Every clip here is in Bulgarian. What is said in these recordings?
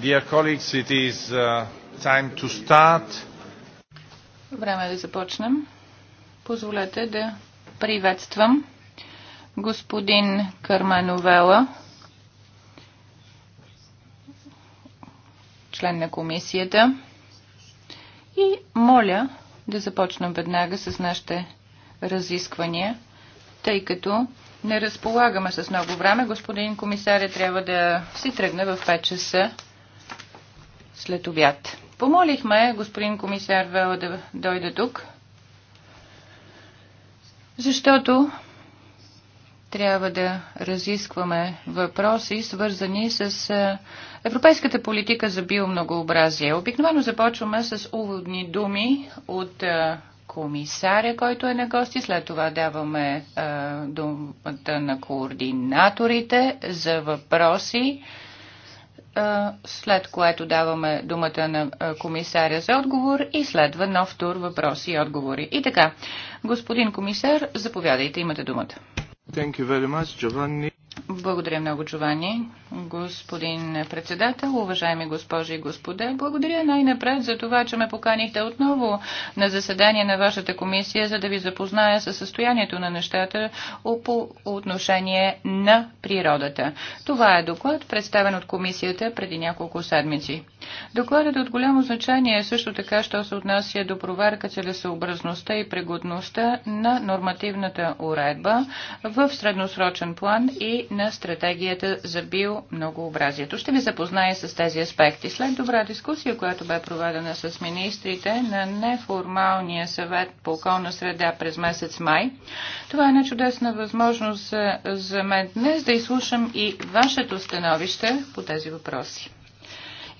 Dear colleagues, it is uh, time to start. Време е да започнем. Позволете да приветствам господин Кармановела, член на комисията. И моля да започнем веднага с нашите разисквания, тъй като не разполагаме с много време. Господин комисаря трябва да си тръгне в 5 часа след обяд. Помолихме господин комисар Вела да дойде тук, защото трябва да разискваме въпроси, свързани с европейската политика за биомногообразие. Обикновено започваме с уводни думи от комисаря, който е на гости. След това даваме думата на координаторите за въпроси след което даваме думата на комисаря за отговор и следва нов тур въпроси и отговори. И така, господин комисар, заповядайте, имате думата. Thank you very much, Giovanni. Благодаря много, Джовани. Господин председател, уважаеми госпожи и господа, благодаря най-напред за това, че ме поканихте отново на заседание на вашата комисия, за да ви запозная със състоянието на нещата по отношение на природата. Това е доклад, представен от комисията преди няколко седмици. Докладът е от голямо значение е също така, що се отнася до проверка целесообразността и пригодността на нормативната уредба в средносрочен план и на стратегията за биомногообразието. Ще ви запозная с тези аспекти. След добра дискусия, която бе проведена с министрите на неформалния съвет по околна среда през месец май, това е една чудесна възможност за мен днес да изслушам и вашето становище по тези въпроси.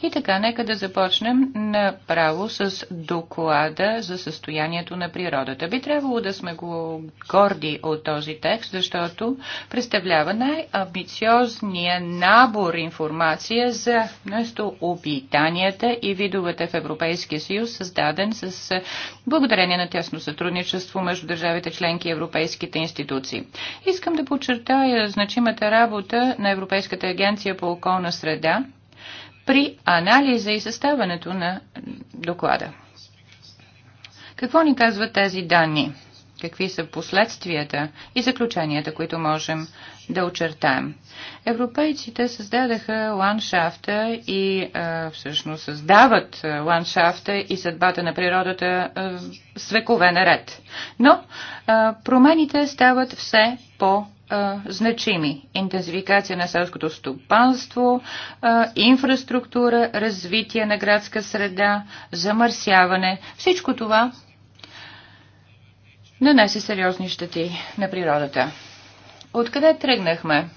И така, нека да започнем направо с доклада за състоянието на природата. Би трябвало да сме го горди от този текст, защото представлява най-амбициозния набор информация за местообитанията и видовете в Европейския съюз, създаден с благодарение на тясно сътрудничество между държавите членки и европейските институции. Искам да подчертая значимата работа на Европейската агенция по околна среда, при анализа и съставането на доклада. Какво ни казват тези данни? Какви са последствията и заключенията, които можем да очертаем? Европейците създадаха ландшафта и а, всъщност създават ландшафта и съдбата на природата а, с векове наред. Но а, промените стават все по- значими. Интенсификация на селското стопанство, инфраструктура, развитие на градска среда, замърсяване. Всичко това нанесе сериозни щети на природата. Откъде тръгнахме?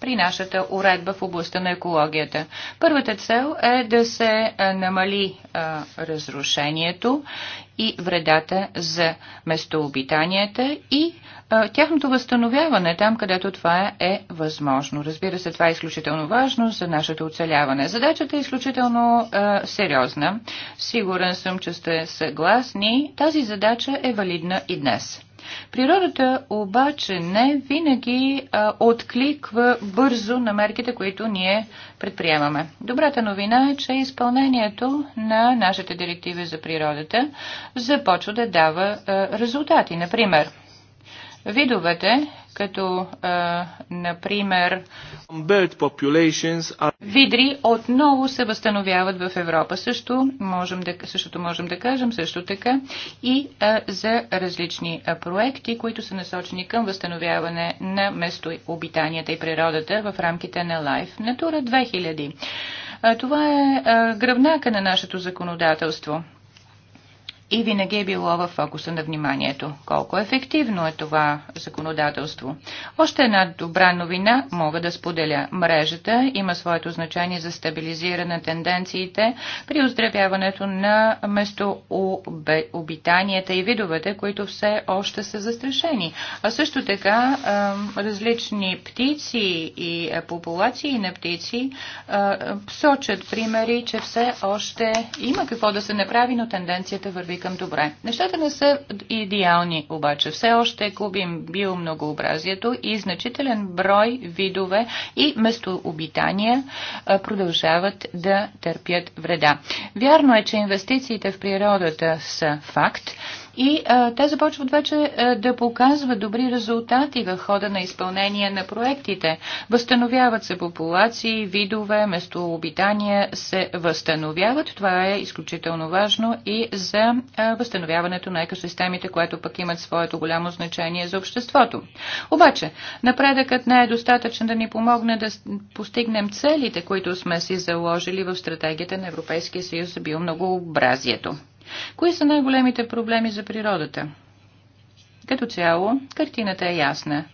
при нашата уредба в областта на екологията. Първата цел е да се намали а, разрушението и вредата за местообитанията и а, тяхното възстановяване там, където това е възможно. Разбира се, това е изключително важно за нашето оцеляване. Задачата е изключително а, сериозна. Сигурен съм, че сте съгласни. Тази задача е валидна и днес. Природата обаче не винаги а, откликва бързо на мерките, които ние предприемаме. Добрата новина е, че изпълнението на нашите директиви за природата започва да дава а, резултати. Например, видовете, като а, например видри отново се възстановяват в Европа. Също можем да, същото можем да кажем също така и а, за различни а, проекти, които са насочени към възстановяване на местообитанията и природата в рамките на Life Natura 2000. А, това е а, гръбнака на нашето законодателство и винаги е било в фокуса на вниманието. Колко ефективно е това законодателство? Още една добра новина мога да споделя. Мрежата има своето значение за стабилизиране на тенденциите при оздравяването на местообитанията и видовете, които все още са застрашени. А също така различни птици и популации на птици сочат примери, че все още има какво да се направи, но тенденцията върви към добре. Нещата не са идеални, обаче все още губим биомногообразието и значителен брой видове и местообитания продължават да търпят вреда. Вярно е, че инвестициите в природата са факт, и а, те започват вече а, да показват добри резултати в хода на изпълнение на проектите. Възстановяват се популации, видове, местообитания се възстановяват. Това е изключително важно и за а, възстановяването на екосистемите, което пък имат своето голямо значение за обществото. Обаче, напредъкът не е достатъчен да ни помогне да постигнем целите, които сме си заложили в стратегията на Европейския съюз за биомногообразието. Кои са най-големите проблеми за природата? Като цяло, картината е ясна.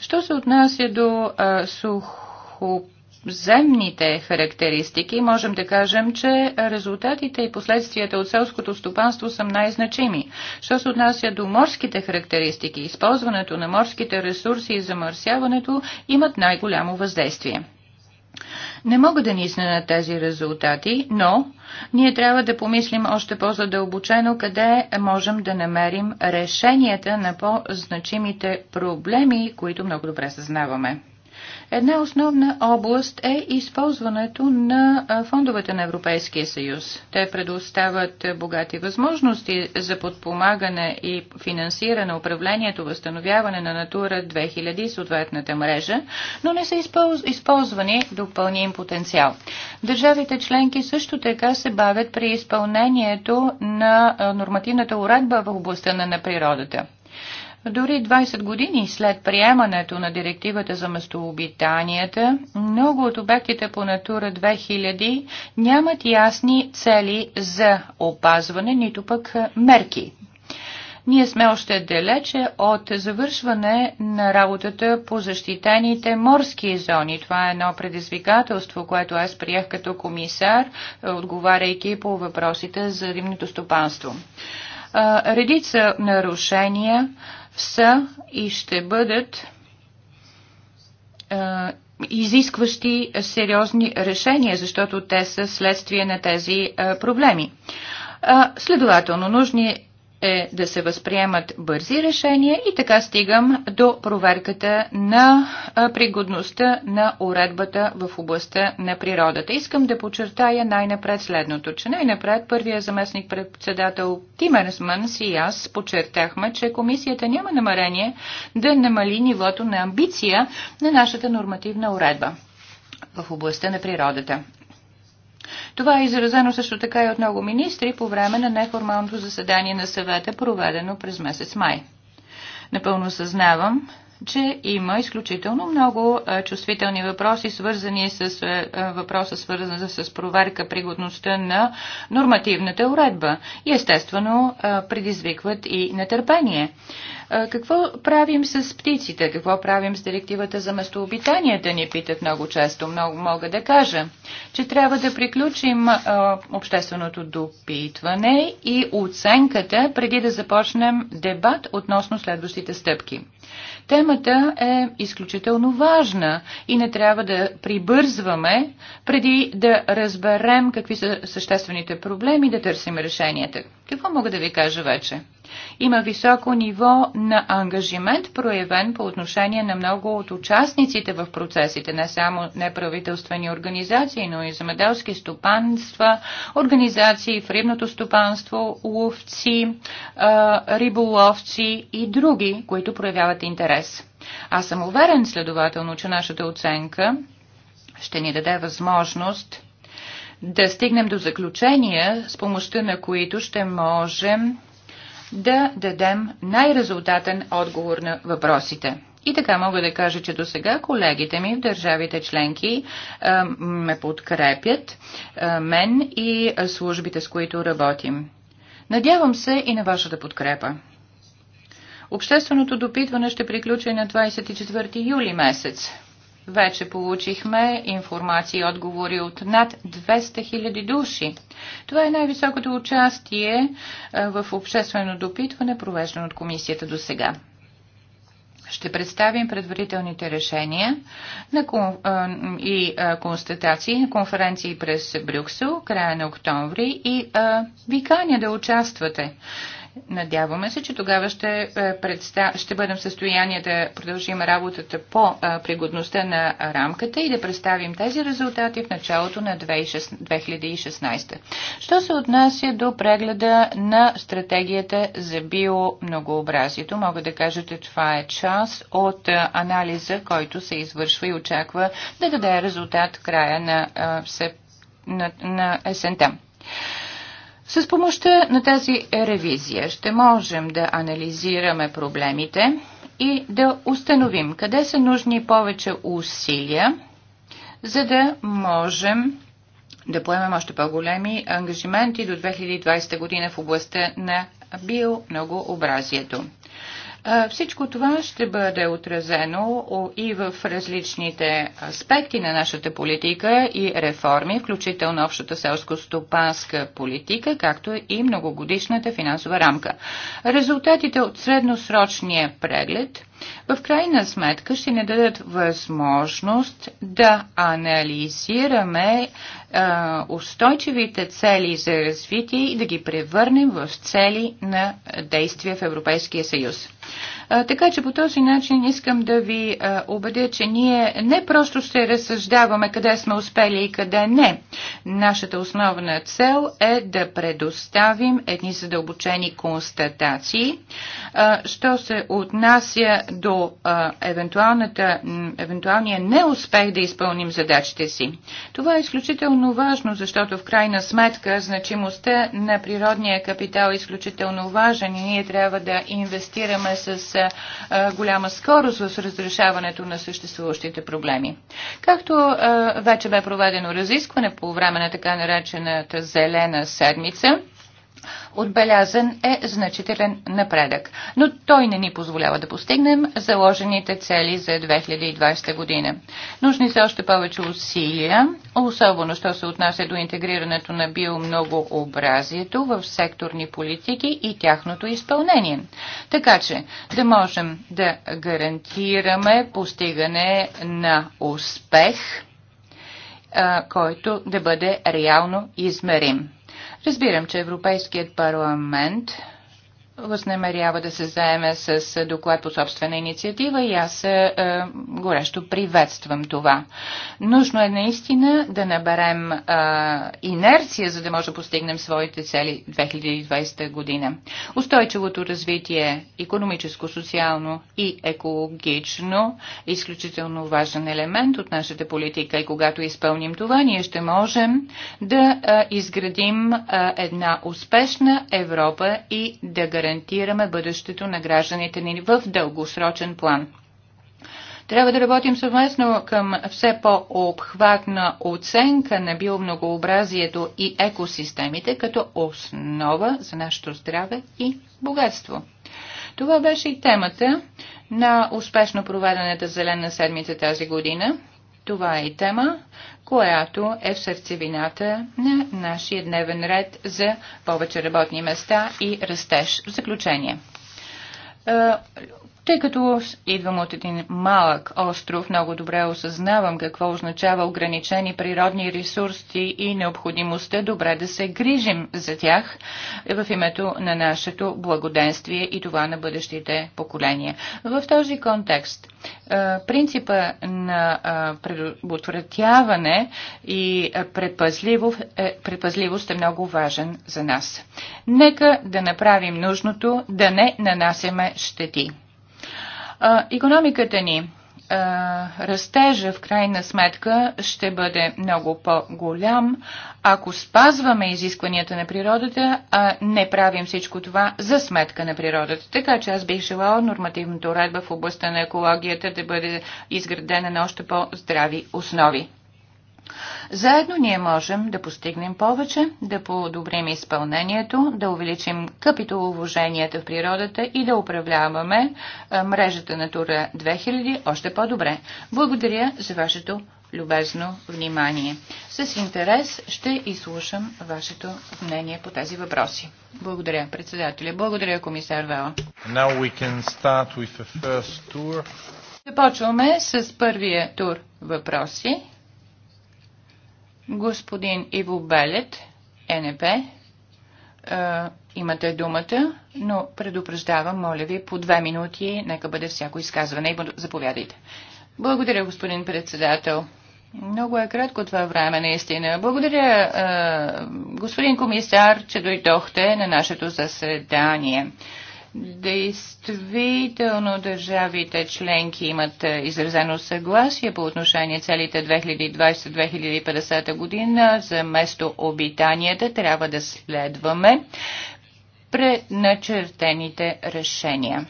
Що се отнася до а, сухоземните характеристики, можем да кажем, че резултатите и последствията от селското стопанство са най-значими. Що се отнася до морските характеристики, използването на морските ресурси и замърсяването имат най-голямо въздействие. Не мога да ни изненадат тези резултати, но ние трябва да помислим още по-задълбочено къде можем да намерим решенията на по-значимите проблеми, които много добре съзнаваме. Една основна област е използването на фондовете на Европейския съюз. Те предоставят богати възможности за подпомагане и финансиране управлението, възстановяване на Натура 2000 и съответната мрежа, но не са използвани допълним потенциал. Държавите членки също така се бавят при изпълнението на нормативната уредба в областта на природата. Дори 20 години след приемането на директивата за местообитанията, много от обектите по Натура 2000 нямат ясни цели за опазване, нито пък мерки. Ние сме още далече от завършване на работата по защитените морски зони. Това е едно предизвикателство, което аз приех като комисар, е, отговаряйки по въпросите за римното стопанство. Редица нарушения са и ще бъдат изискващи сериозни решения, защото те са следствие на тези проблеми. Следователно, нужни е да се възприемат бързи решения и така стигам до проверката на пригодността на уредбата в областта на природата. Искам да подчертая най-напред следното, че най-напред първия заместник председател Тимерсманс и аз подчертахме, че комисията няма намерение да намали нивото на амбиция на нашата нормативна уредба в областта на природата. Това е изразено също така и от много министри по време на неформалното заседание на съвета, проведено през месец май. Напълно съзнавам, че има изключително много чувствителни въпроси, свързани с въпроса, свързан с проверка пригодността на нормативната уредба и естествено предизвикват и нетърпение. Какво правим с птиците? Какво правим с директивата за местообитанията? Ни питат много често. Много мога да кажа, че трябва да приключим общественото допитване и оценката преди да започнем дебат относно следващите стъпки. Темата е изключително важна и не трябва да прибързваме преди да разберем какви са съществените проблеми и да търсим решенията. Какво мога да ви кажа вече? Има високо ниво на ангажимент, проявен по отношение на много от участниците в процесите, не само неправителствени организации, но и земеделски стопанства, организации в рибното стопанство, ловци, риболовци и други, които проявяват интерес. Аз съм уверен, следователно, че нашата оценка ще ни даде възможност да стигнем до заключения, с помощта на които ще можем да дадем най-резултатен отговор на въпросите. И така мога да кажа, че до сега колегите ми в държавите членки а, ме подкрепят, а, мен и службите, с които работим. Надявам се и на вашата подкрепа. Общественото допитване ще приключи на 24 юли месец. Вече получихме информации и отговори от над 200 000 души. Това е най-високото участие е, в обществено допитване, провеждано от комисията до сега. Ще представим предварителните решения на кон... и констатации на конференции през Брюксел, края на октомври и а, ви каня да участвате. Надяваме се, че тогава ще, е, предста... ще бъдем в състояние да продължим работата по е, пригодността на рамката и да представим тези резултати в началото на 2016. Що се отнася до прегледа на стратегията за биомногообразието, мога да кажа, че това е част от е, анализа, който се извършва и очаква да даде резултат в края на, на, на есента. С помощта на тази ревизия ще можем да анализираме проблемите и да установим къде са нужни повече усилия, за да можем да поемем още по-големи ангажименти до 2020 година в областта на биомногообразието. Всичко това ще бъде отразено и в различните аспекти на нашата политика и реформи, включително общата селско-стопанска политика, както и многогодишната финансова рамка. Резултатите от средносрочния преглед – в крайна сметка ще ни дадат възможност да анализираме а, устойчивите цели за развитие и да ги превърнем в цели на действия в Европейския съюз. Така че по този начин искам да ви убедя, че ние не просто ще разсъждаваме къде сме успели и къде не. Нашата основна цел е да предоставим едни задълбочени констатации, що се отнася до евентуалния неуспех да изпълним задачите си. Това е изключително важно, защото в крайна сметка значимостта на природния капитал е изключително важен и ние трябва да инвестираме с доста е, а, е, голяма скорост в разрешаването на съществуващите проблеми. Както а, е, вече бе проведено разискване по време на така наречената зелена седмица, отбелязан е значителен напредък, но той не ни позволява да постигнем заложените цели за 2020 година. Нужни са още повече усилия, особено що се отнася до интегрирането на биомногообразието в секторни политики и тяхното изпълнение. Така че да можем да гарантираме постигане на успех, който да бъде реално измерим. Разбирам, че Европейският парламент възнамерява да се заеме с доклад по собствена инициатива и аз е, е, горещо приветствам това. Нужно е наистина да наберем е, инерция, за да може да постигнем своите цели 2020 година. Устойчивото развитие, економическо, социално и екологично, е изключително важен елемент от нашата политика и когато изпълним това, ние ще можем да е, изградим е, една успешна Европа и да гарантираме гарантираме бъдещето на гражданите ни в дългосрочен план. Трябва да работим съвместно към все по-обхватна оценка на биомногообразието и екосистемите като основа за нашето здраве и богатство. Това беше и темата на успешно проведената Зелена седмица тази година – това е и тема, която е в сърцевината на нашия дневен ред за повече работни места и растеж. В заключение е, тъй като идвам от един малък остров, много добре осъзнавам какво означава ограничени природни ресурси и необходимостта добре да се грижим за тях в името на нашето благоденствие и това на бъдещите поколения. В този контекст принципа на предотвратяване и е, предпазливост е много важен за нас. Нека да направим нужното да не нанасяме щети. Економиката ни растежа в крайна сметка ще бъде много по-голям, ако спазваме изискванията на природата, а не правим всичко това за сметка на природата. Така че аз бих желала нормативната уредба в областта на екологията да бъде изградена на още по-здрави основи. Заедно ние можем да постигнем повече, да подобрим изпълнението, да увеличим капиталовложенията в природата и да управляваме мрежата на Тура 2000 още по-добре. Благодаря за вашето любезно внимание. С интерес ще изслушам вашето мнение по тези въпроси. Благодаря, председателя. Благодаря, комисар Вела. Започваме с първия тур въпроси. Господин Иво Белет, НП, е, имате думата, но предупреждавам, моля ви, по две минути, нека бъде всяко изказване. и Заповядайте. Благодаря, господин председател. Много е кратко това време, наистина. Благодаря, е, господин комисар, че дойдохте на нашето заседание. Действително държавите членки имат е, изразено съгласие по отношение целите 2020-2050 година за место обитанията. Трябва да следваме преначертените решения.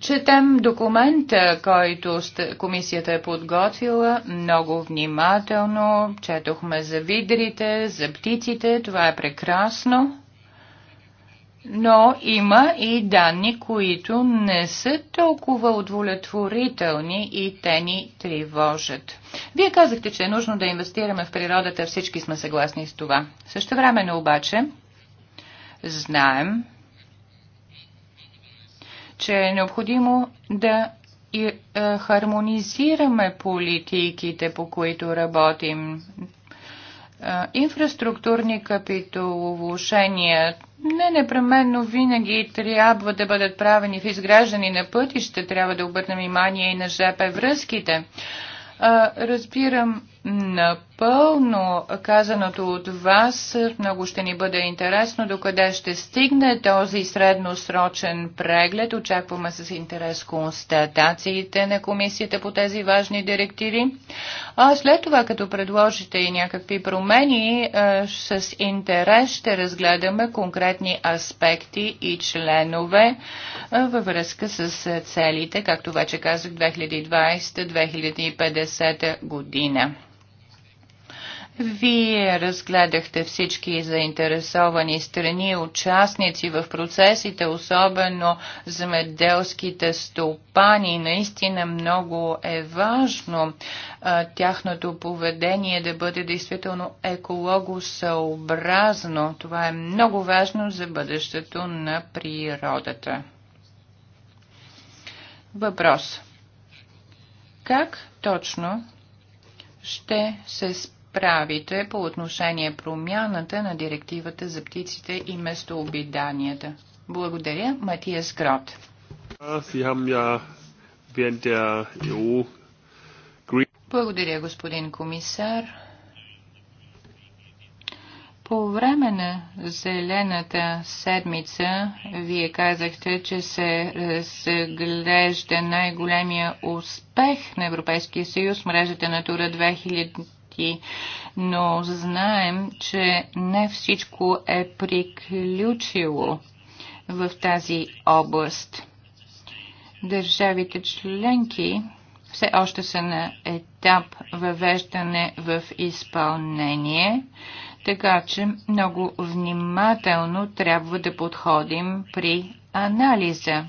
Четем документа, който комисията е подготвила много внимателно. Четохме за видрите, за птиците. Това е прекрасно. Но има и данни, които не са толкова удовлетворителни и те ни тревожат. Вие казахте, че е нужно да инвестираме в природата, всички сме съгласни с това. Също времено обаче знаем, че е необходимо да и, е, хармонизираме политиките, по които работим инфраструктурни капитоловушения не непременно винаги трябва да бъдат правени в изграждане на пътища, трябва да обърнем внимание и на ЖП връзките. Разбирам напълно казаното от вас. Много ще ни бъде интересно докъде ще стигне този средносрочен преглед. Очакваме с интерес констатациите на комисията по тези важни директиви. А след това, като предложите и някакви промени, е, с интерес ще разгледаме конкретни аспекти и членове е, във връзка с целите, както вече казах, 2020-2050 година. Вие разгледахте всички заинтересовани страни, участници в процесите, особено земеделските стопани. Наистина много е важно а, тяхното поведение да бъде действително екологосъобразно. Това е много важно за бъдещето на природата. Въпрос. Как точно ще се спи правите по отношение промяната на директивата за птиците и местообиданията? Благодаря, Матиас Грот. Благодаря, господин комисар. По време на Зелената седмица вие казахте, че се разглежда най-големия успех на Европейския съюз, мрежата на Тура 2000 членки, но знаем, че не всичко е приключило в тази област. Държавите членки все още са на етап въвеждане в изпълнение, така че много внимателно трябва да подходим при анализа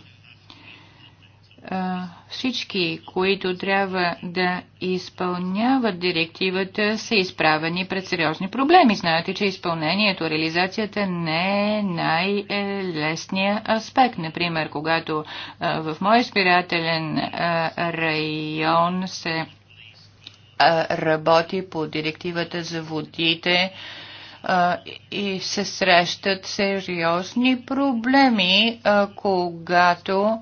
всички, които трябва да изпълняват директивата, са изправени пред сериозни проблеми. Знаете, че изпълнението, реализацията не е най-лесният аспект. Например, когато в мой избирателен район се работи по директивата за водите, и се срещат сериозни проблеми, когато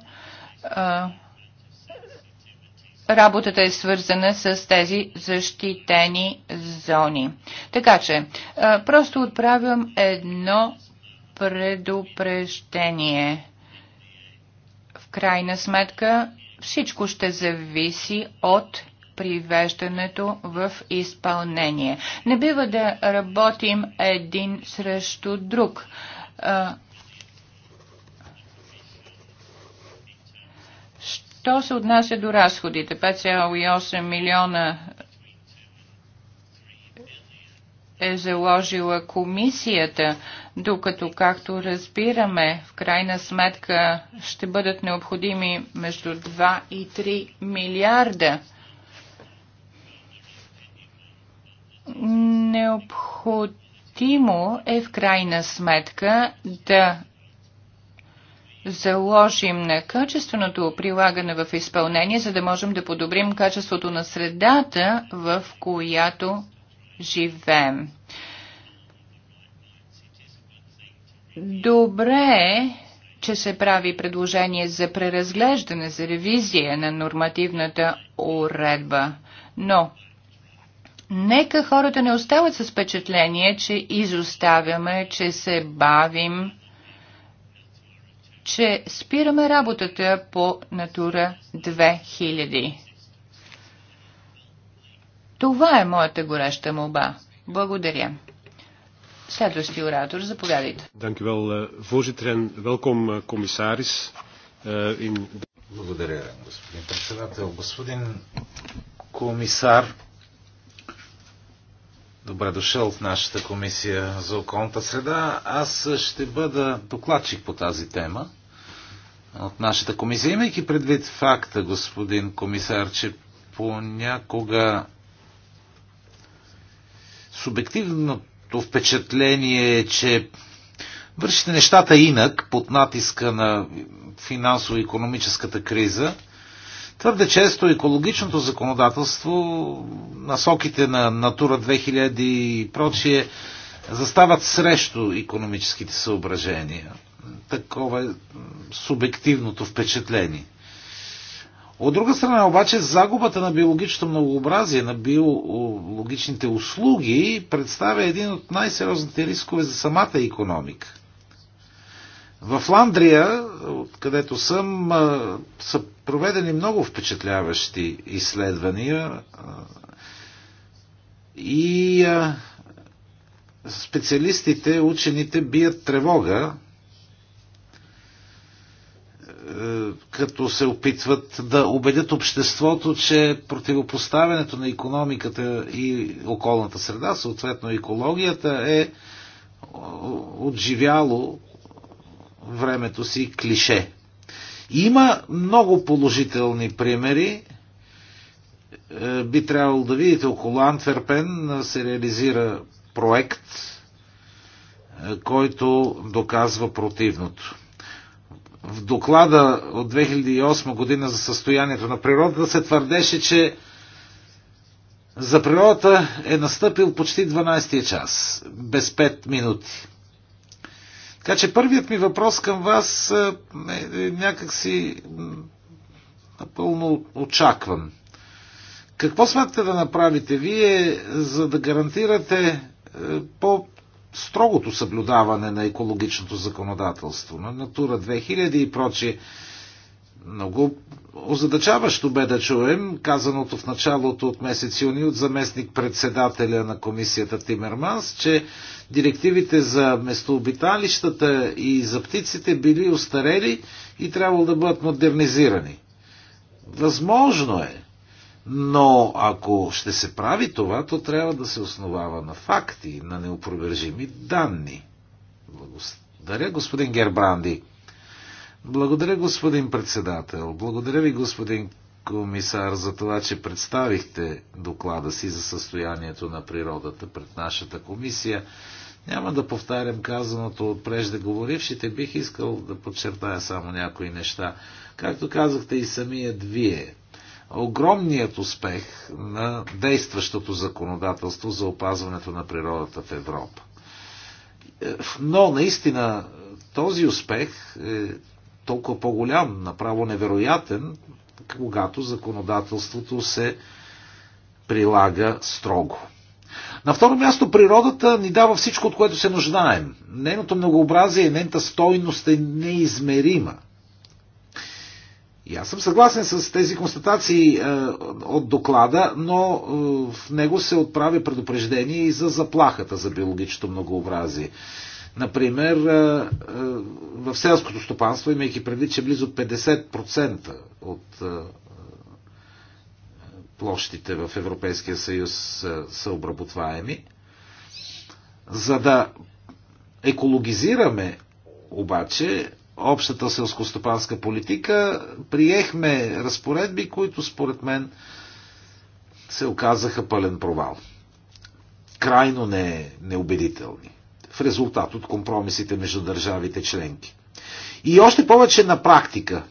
работата е свързана с тези защитени зони. Така че, просто отправям едно предупреждение. В крайна сметка, всичко ще зависи от привеждането в изпълнение. Не бива да работим един срещу друг. Що се отнася до разходите? 5,8 милиона е заложила комисията, докато, както разбираме, в крайна сметка ще бъдат необходими между 2 и 3 милиарда. Необходимо е в крайна сметка да заложим на качественото прилагане в изпълнение, за да можем да подобрим качеството на средата, в която живеем. Добре е, че се прави предложение за преразглеждане, за ревизия на нормативната уредба. Но нека хората не остават с впечатление, че изоставяме, че се бавим че спираме работата по Натура 2000. Това е моята гореща молба. Благодаря. Следващия оратор, заповядайте. Eh, eh, eh, Благодаря, господин председател. Господин комисар, добре дошъл в нашата комисия за околната среда. Аз ще бъда докладчик по тази тема от нашата комисия. Имайки предвид факта, господин комисар, че понякога субективното впечатление е, че вършите нещата инак под натиска на финансово-економическата криза, твърде често екологичното законодателство, насоките на Натура 2000 и прочие, застават срещу економическите съображения такова е субективното впечатление. От друга страна обаче загубата на биологичното многообразие, на биологичните услуги представя един от най-сериозните рискове за самата економика. В Ландрия, откъдето съм, са проведени много впечатляващи изследвания и специалистите, учените бият тревога е, като се опитват да убедят обществото, че противопоставянето на економиката и околната среда, съответно екологията, е отживяло времето си клише. Има много положителни примери. Е, би трябвало да видите, около Антверпен се реализира проект, е, който доказва противното в доклада от 2008 година за състоянието на природата се твърдеше, че за природата е настъпил почти 12 час, без 5 минути. Така че първият ми въпрос към вас е, е, е някакси напълно очакван. Какво смятате да направите вие, за да гарантирате е, по строгото съблюдаване на екологичното законодателство, на Натура 2000 и прочие. Много озадачаващо бе да чуем казаното в началото от месец юни от заместник председателя на комисията Тимерманс, че директивите за местообиталищата и за птиците били устарели и трябвало да бъдат модернизирани. Възможно е но ако ще се прави това, то трябва да се основава на факти, на неопровержими данни. Благодаря, господин Гербранди. Благодаря, господин председател. Благодаря ви, господин комисар, за това, че представихте доклада си за състоянието на природата пред нашата комисия. Няма да повтарям казаното от преждеговорившите, бих искал да подчертая само някои неща. Както казахте и самият вие, огромният успех на действащото законодателство за опазването на природата в Европа. Но наистина този успех е толкова по-голям, направо невероятен, когато законодателството се прилага строго. На второ място, природата ни дава всичко, от което се нуждаем. Нейното многообразие и нейната стойност е неизмерима. И аз съм съгласен с тези констатации е, от доклада, но е, в него се отправя предупреждение и за заплахата за биологичното многообразие. Например, е, е в селското стопанство, имайки предвид, че близо 50% от е, площите в Европейския съюз е, са обработваеми, за да екологизираме обаче общата селскостопанска политика, приехме разпоредби, които според мен се оказаха пълен провал. Крайно не, неубедителни. В резултат от компромисите между държавите членки. И още повече на практика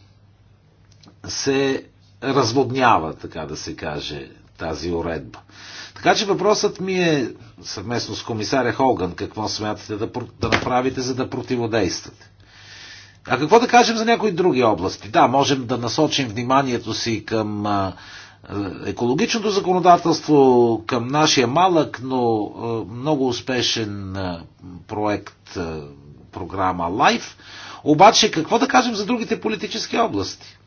се разводнява, така да се каже, тази уредба. Така че въпросът ми е съвместно с комисаря Холган какво смятате да, да направите, за да противодействате. А какво да кажем за някои други области? Да, можем да насочим вниманието си към е, екологичното законодателство, към нашия малък, но много успешен проект, програма LIFE. Обаче, какво да кажем за другите политически области?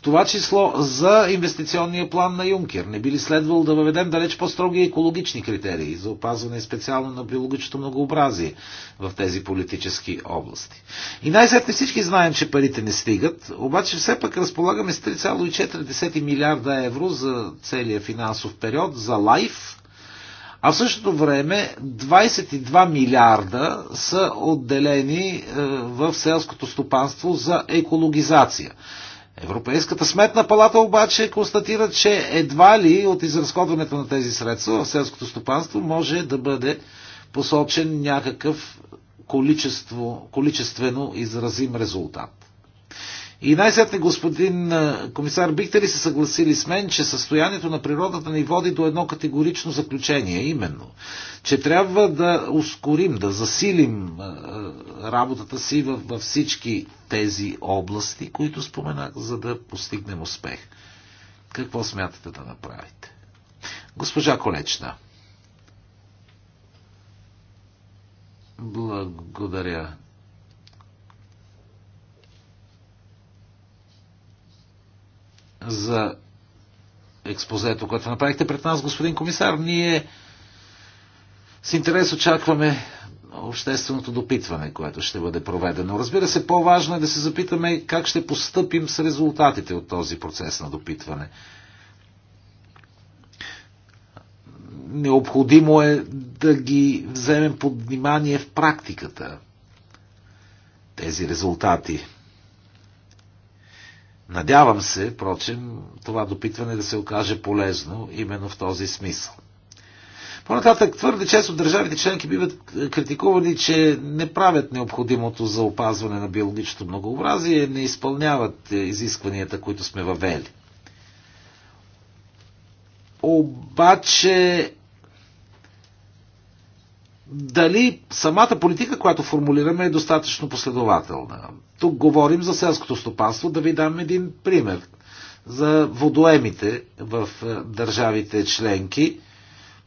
В това число за инвестиционния план на Юнкер. Не би ли следвало да въведем далеч по-строги екологични критерии за опазване специално на биологичното многообразие в тези политически области? И най-сетне всички знаем, че парите не стигат, обаче все пък разполагаме с 3,4 милиарда евро за целия финансов период, за лайф, а в същото време 22 милиарда са отделени е, в селското стопанство за екологизация. Европейската сметна палата обаче констатира, че едва ли от изразходването на тези средства в селското стопанство може да бъде посочен някакъв количество, количествено изразим резултат. И най-сетне, господин комисар, бихте ли се съгласили с мен, че състоянието на природата ни води до едно категорично заключение, именно, че трябва да ускорим, да засилим работата си във всички тези области, които споменах, за да постигнем успех. Какво смятате да направите? Госпожа Колечна. Благодаря, за експозето, което направихте пред нас, господин комисар. Ние с интерес очакваме общественото допитване, което ще бъде проведено. Разбира се, по-важно е да се запитаме как ще постъпим с резултатите от този процес на допитване. Необходимо е да ги вземем под внимание в практиката. Тези резултати. Надявам се, впрочем, това допитване да се окаже полезно именно в този смисъл. По-нататък твърде често държавите членки биват критикувани, че не правят необходимото за опазване на биологичното многообразие, не изпълняват изискванията, които сме въвели. Обаче дали самата политика, която формулираме, е достатъчно последователна. Тук говорим за селското стопанство. Да ви дам един пример. За водоемите в е, държавите членки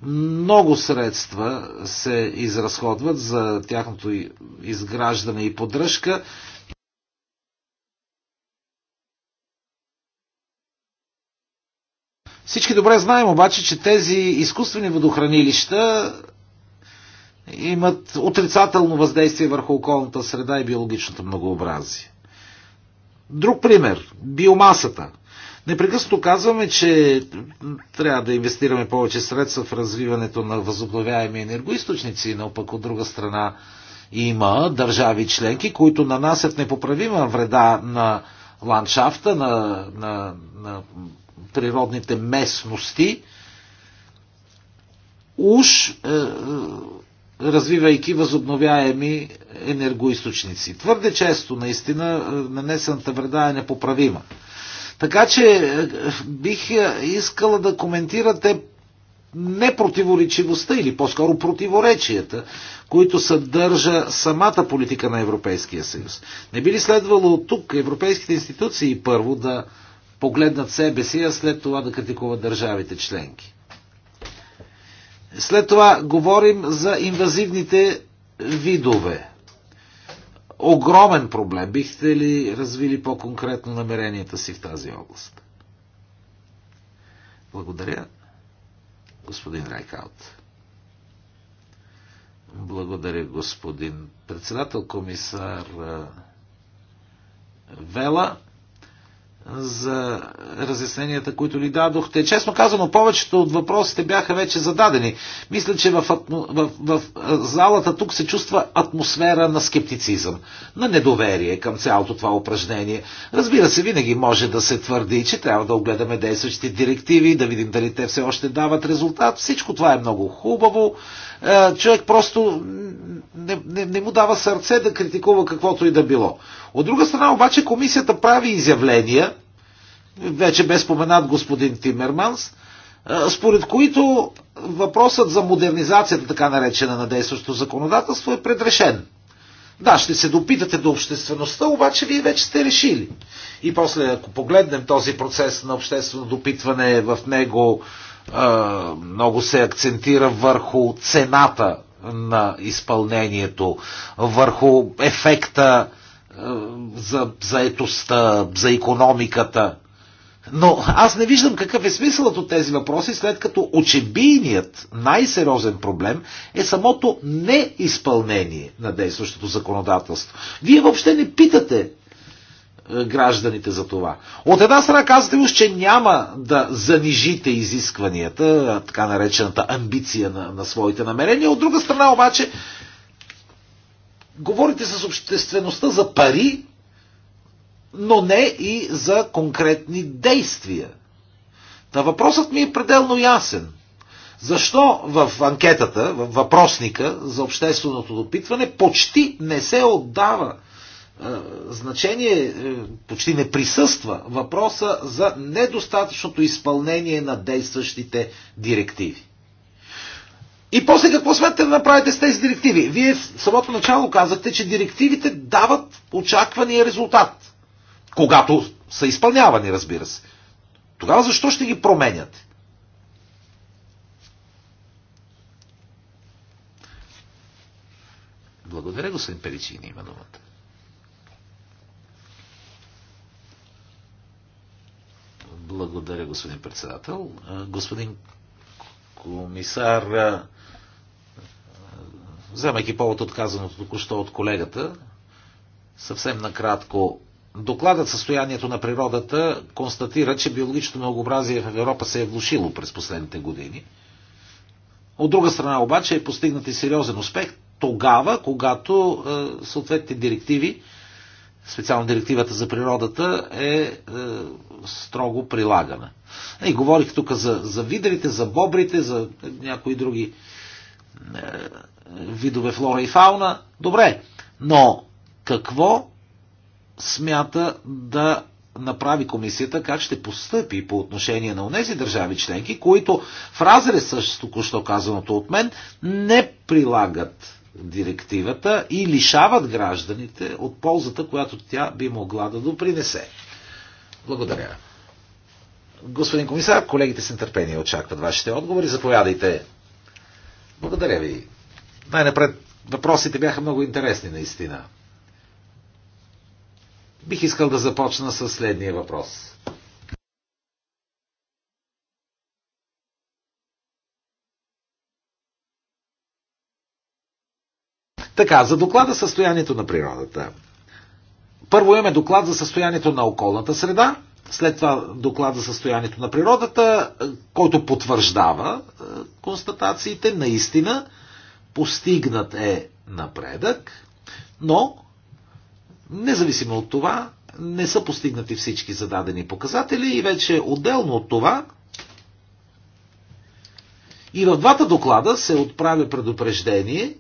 много средства се изразходват за тяхното изграждане и поддръжка. Всички добре знаем обаче, че тези изкуствени водохранилища имат отрицателно въздействие върху околната среда и биологичното многообразие. Друг пример биомасата. Непрекъснато казваме, че трябва да инвестираме повече средства в развиването на възобновяеми енергоисточници, но пък от друга страна има държави членки, които нанасят непоправима вреда на ландшафта, на, на, на природните местности, уж е, е развивайки възобновяеми енергоисточници. Твърде често, наистина, нанесената вреда е непоправима. Така че е, бих е, искала да коментирате непротиворечивостта или по-скоро противоречията, които съдържа самата политика на Европейския съюз. Не би ли следвало от тук европейските институции първо да погледнат себе си, а след това да критикуват държавите членки? След това говорим за инвазивните видове. Огромен проблем. Бихте ли развили по-конкретно намеренията си в тази област? Благодаря, господин Райкаут. Благодаря, господин председател, комисар Вела за разясненията, които ни дадохте. Честно казано, повечето от въпросите бяха вече зададени. Мисля, че в, атмо... в, в залата тук се чувства атмосфера на скептицизъм, на недоверие към цялото това упражнение. Разбира се, винаги може да се твърди, че трябва да огледаме действащите директиви, да видим дали те все още дават резултат. Всичко това е много хубаво. Човек просто не, не, не му дава сърце да критикува каквото и да било. От друга страна обаче комисията прави изявления, вече бе споменат господин Тимерманс, според които въпросът за модернизацията, така наречена на действащото законодателство, е предрешен. Да, ще се допитате до обществеността, обаче вие вече сте решили. И после, ако погледнем този процес на обществено допитване, в него е, много се акцентира върху цената на изпълнението, върху ефекта е, за заетостта, за економиката. Но аз не виждам какъв е смисълът от тези въпроси, след като очебийният най-сериозен проблем е самото неизпълнение на действащото законодателство. Вие въобще не питате е, гражданите за това. От една страна казвате уж, че няма да занижите изискванията, така наречената амбиция на, на своите намерения, от друга страна обаче говорите с обществеността за пари, но не и за конкретни действия. Та въпросът ми е пределно ясен. Защо в анкетата, в въпросника за общественото допитване почти не се отдава е, значение, е, почти не присъства въпроса за недостатъчното изпълнение на действащите директиви? И после какво смятате да направите с тези директиви? Вие в самото начало казахте, че директивите дават очаквания резултат. Когато са изпълнявани, разбира се. Тогава защо ще ги променяте? Благодаря, господин Перичини, има думата. Благодаря, господин председател. Господин комисар, вземайки повод от казаното току-що от колегата, съвсем накратко, докладът състоянието на природата констатира, че биологичното многообразие в Европа се е влушило през последните години. От друга страна обаче е постигнат и сериозен успех тогава, когато е, съответните директиви, специално директивата за природата, е, е строго прилагана. И говорих тук за, за виделите, за бобрите, за някои други е, видове флора и фауна, добре. Но какво смята да направи комисията, как ще постъпи по отношение на тези държави членки, които в разрез с току-що казаното от мен, не прилагат директивата и лишават гражданите от ползата, която тя би могла да допринесе. Благодаря. Господин комисар, колегите с нетърпение очакват вашите отговори. Заповядайте. Благодаря ви, най-напред въпросите бяха много интересни наистина. Бих искал да започна с следния въпрос. Така, за доклада състоянието на природата. Първо имаме доклад за състоянието на околната среда, след това доклад за състоянието на природата, който потвърждава е, констатациите наистина, Постигнат е напредък, но независимо от това не са постигнати всички зададени показатели и вече отделно от това и в двата доклада се отправя предупреждение,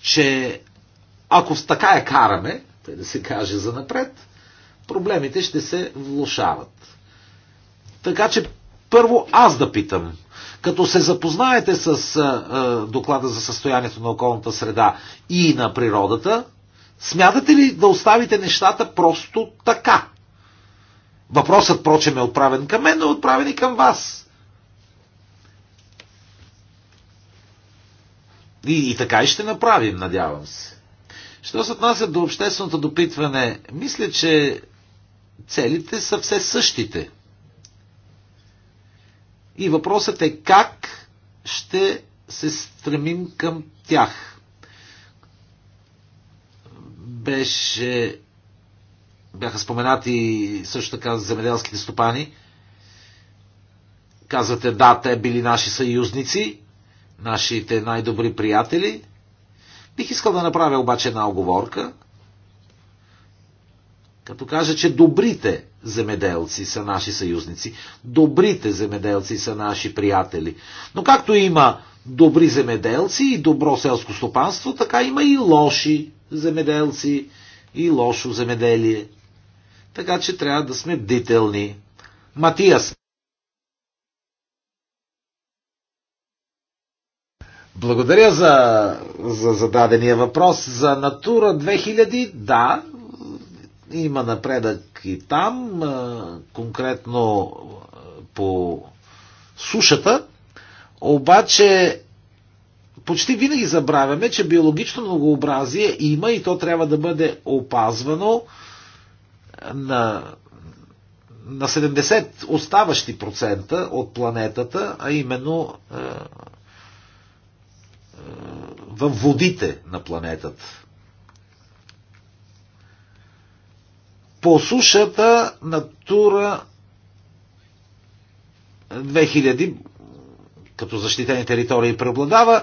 че ако така я караме, тъй да се каже за напред, проблемите ще се влушават. Така че първо аз да питам като се запознаете с доклада за състоянието на околната среда и на природата, смятате ли да оставите нещата просто така? Въпросът, прочем, е отправен към мен, но е отправен и към вас. И, и така и ще направим, надявам се. Що се отнася до общественото допитване, мисля, че целите са все същите. И въпросът е как ще се стремим към тях. Беше, бяха споменати също така земеделските стопани. Казвате, да, те били наши съюзници, нашите най-добри приятели. Бих искал да направя обаче една оговорка, като кажа, че добрите земеделци са наши съюзници. Добрите земеделци са наши приятели. Но както има добри земеделци и добро селско стопанство, така има и лоши земеделци и лошо земеделие. Така че трябва да сме бдителни. Матиас. Благодаря за, за зададения въпрос. За Натура 2000, да, има напредък и там, конкретно по сушата, обаче почти винаги забравяме, че биологично многообразие има и то трябва да бъде опазвано на, на 70 оставащи процента от планетата, а именно е, е, във водите на планетата. По сушата Натура 2000 като защитени територии преобладава,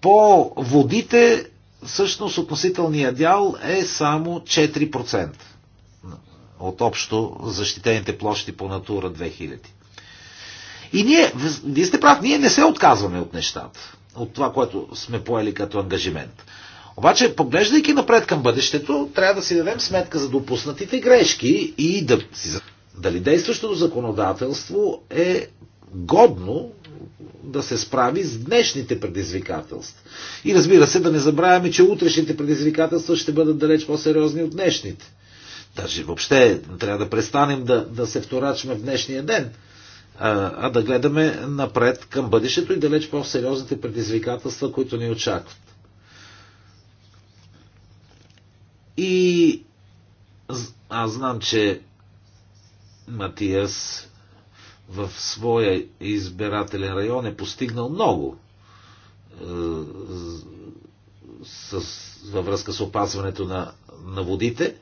по водите всъщност относителният дял е само 4% от общо защитените площи по Натура 2000. И ние, вие сте прав, ние не се отказваме от нещата, от това, което сме поели като ангажимент. Обаче, поглеждайки напред към бъдещето, трябва да си дадем сметка за допуснатите грешки и да си дали действащото законодателство е годно да се справи с днешните предизвикателства. И разбира се, да не забравяме, че утрешните предизвикателства ще бъдат далеч по-сериозни от днешните. Даже въобще трябва да престанем да, да се вторачваме в днешния ден, а, а да гледаме напред към бъдещето и далеч по-сериозните предизвикателства, които ни очакват. И аз знам, че Матиас в своя избирателен район е постигнал много е, с, във връзка с опазването на, на водите.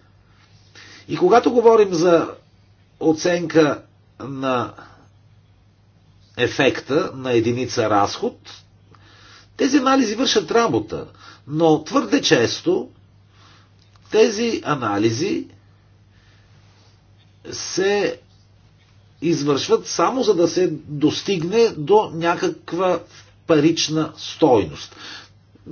И когато говорим за оценка на ефекта на единица разход, тези анализи вършат работа, но твърде често тези анализи се извършват само за да се достигне до някаква парична стойност.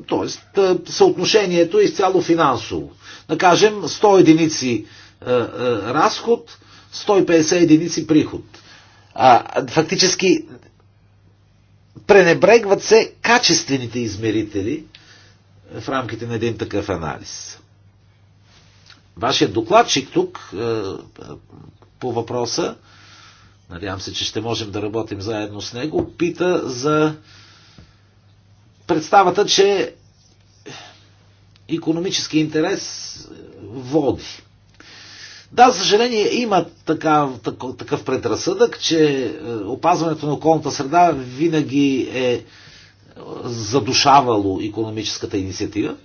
Тоест, е, съотношението е изцяло финансово. Да кажем, 100 единици е, е, разход, 150 единици приход. А, фактически, пренебрегват се качествените измерители в рамките на един такъв анализ. Вашият докладчик тук е, е, по въпроса, надявам се, че ще можем да работим заедно с него, пита за представата, че економически интерес е, води. Да, за съжаление има такав, такъв, такъв предразсъдък, че опазването на околната среда винаги е задушавало економическата инициатива.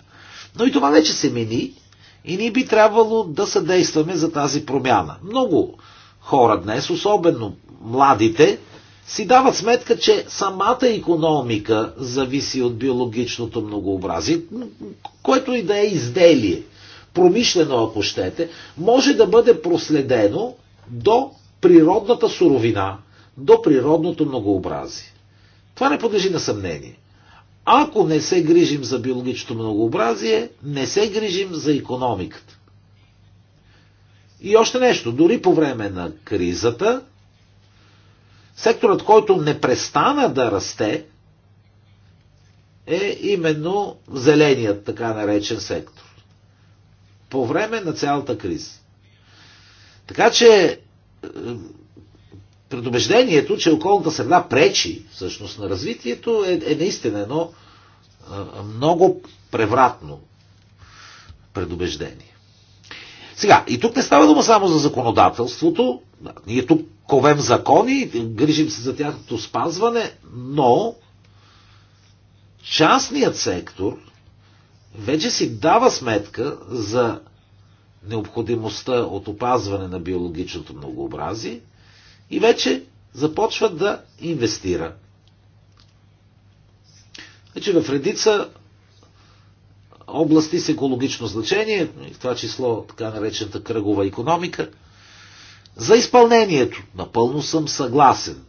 Но и това вече се мени. И ни би трябвало да съдействаме за тази промяна. Много хора днес, особено младите, си дават сметка, че самата економика зависи от биологичното многообразие, което и да е изделие, промишлено ако щете, може да бъде проследено до природната суровина, до природното многообразие. Това не подлежи на съмнение. Ако не се грижим за биологичното многообразие, не се грижим за економиката. И още нещо, дори по време на кризата, секторът, който не престана да расте, е именно зеленият, така наречен сектор. По време на цялата криза. Така че предубеждението, че околната среда пречи всъщност на развитието е, е наистина едно а, много превратно предубеждение. Сега, и тук не става дума само за законодателството, ние тук ковем закони, грижим се за тяхното спазване, но частният сектор вече си дава сметка за необходимостта от опазване на биологичното многообразие и вече започва да инвестира. Вече значи в редица области с екологично значение, в това число така наречената кръгова економика, за изпълнението напълно съм съгласен.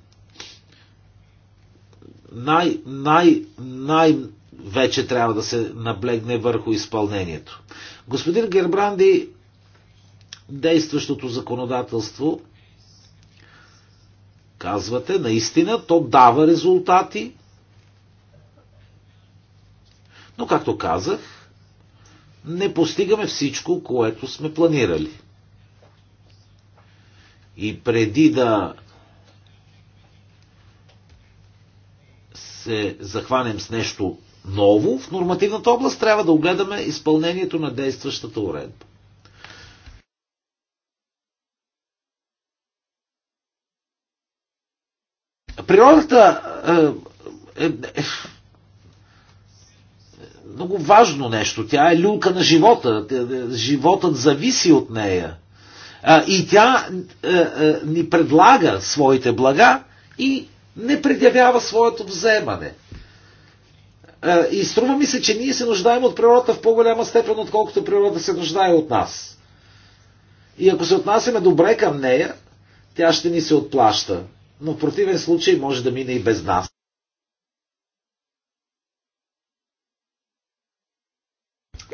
Най, най, най вече трябва да се наблегне върху изпълнението. Господин Гербранди, действащото законодателство казвате, наистина то дава резултати. Но, както казах, не постигаме всичко, което сме планирали. И преди да се захванем с нещо ново в нормативната област, трябва да огледаме изпълнението на действащата уредба. Природата е, е, е много важно нещо. Тя е люлка на живота. Е, животът зависи от нея. И тя е, е, ни предлага своите блага и не предявява своето вземане. И струва ми се, че ние се нуждаем от природата в по-голяма степен, отколкото природа се нуждае от нас. И ако се отнасяме добре към нея, тя ще ни се отплаща но в противен случай може да мине и без нас.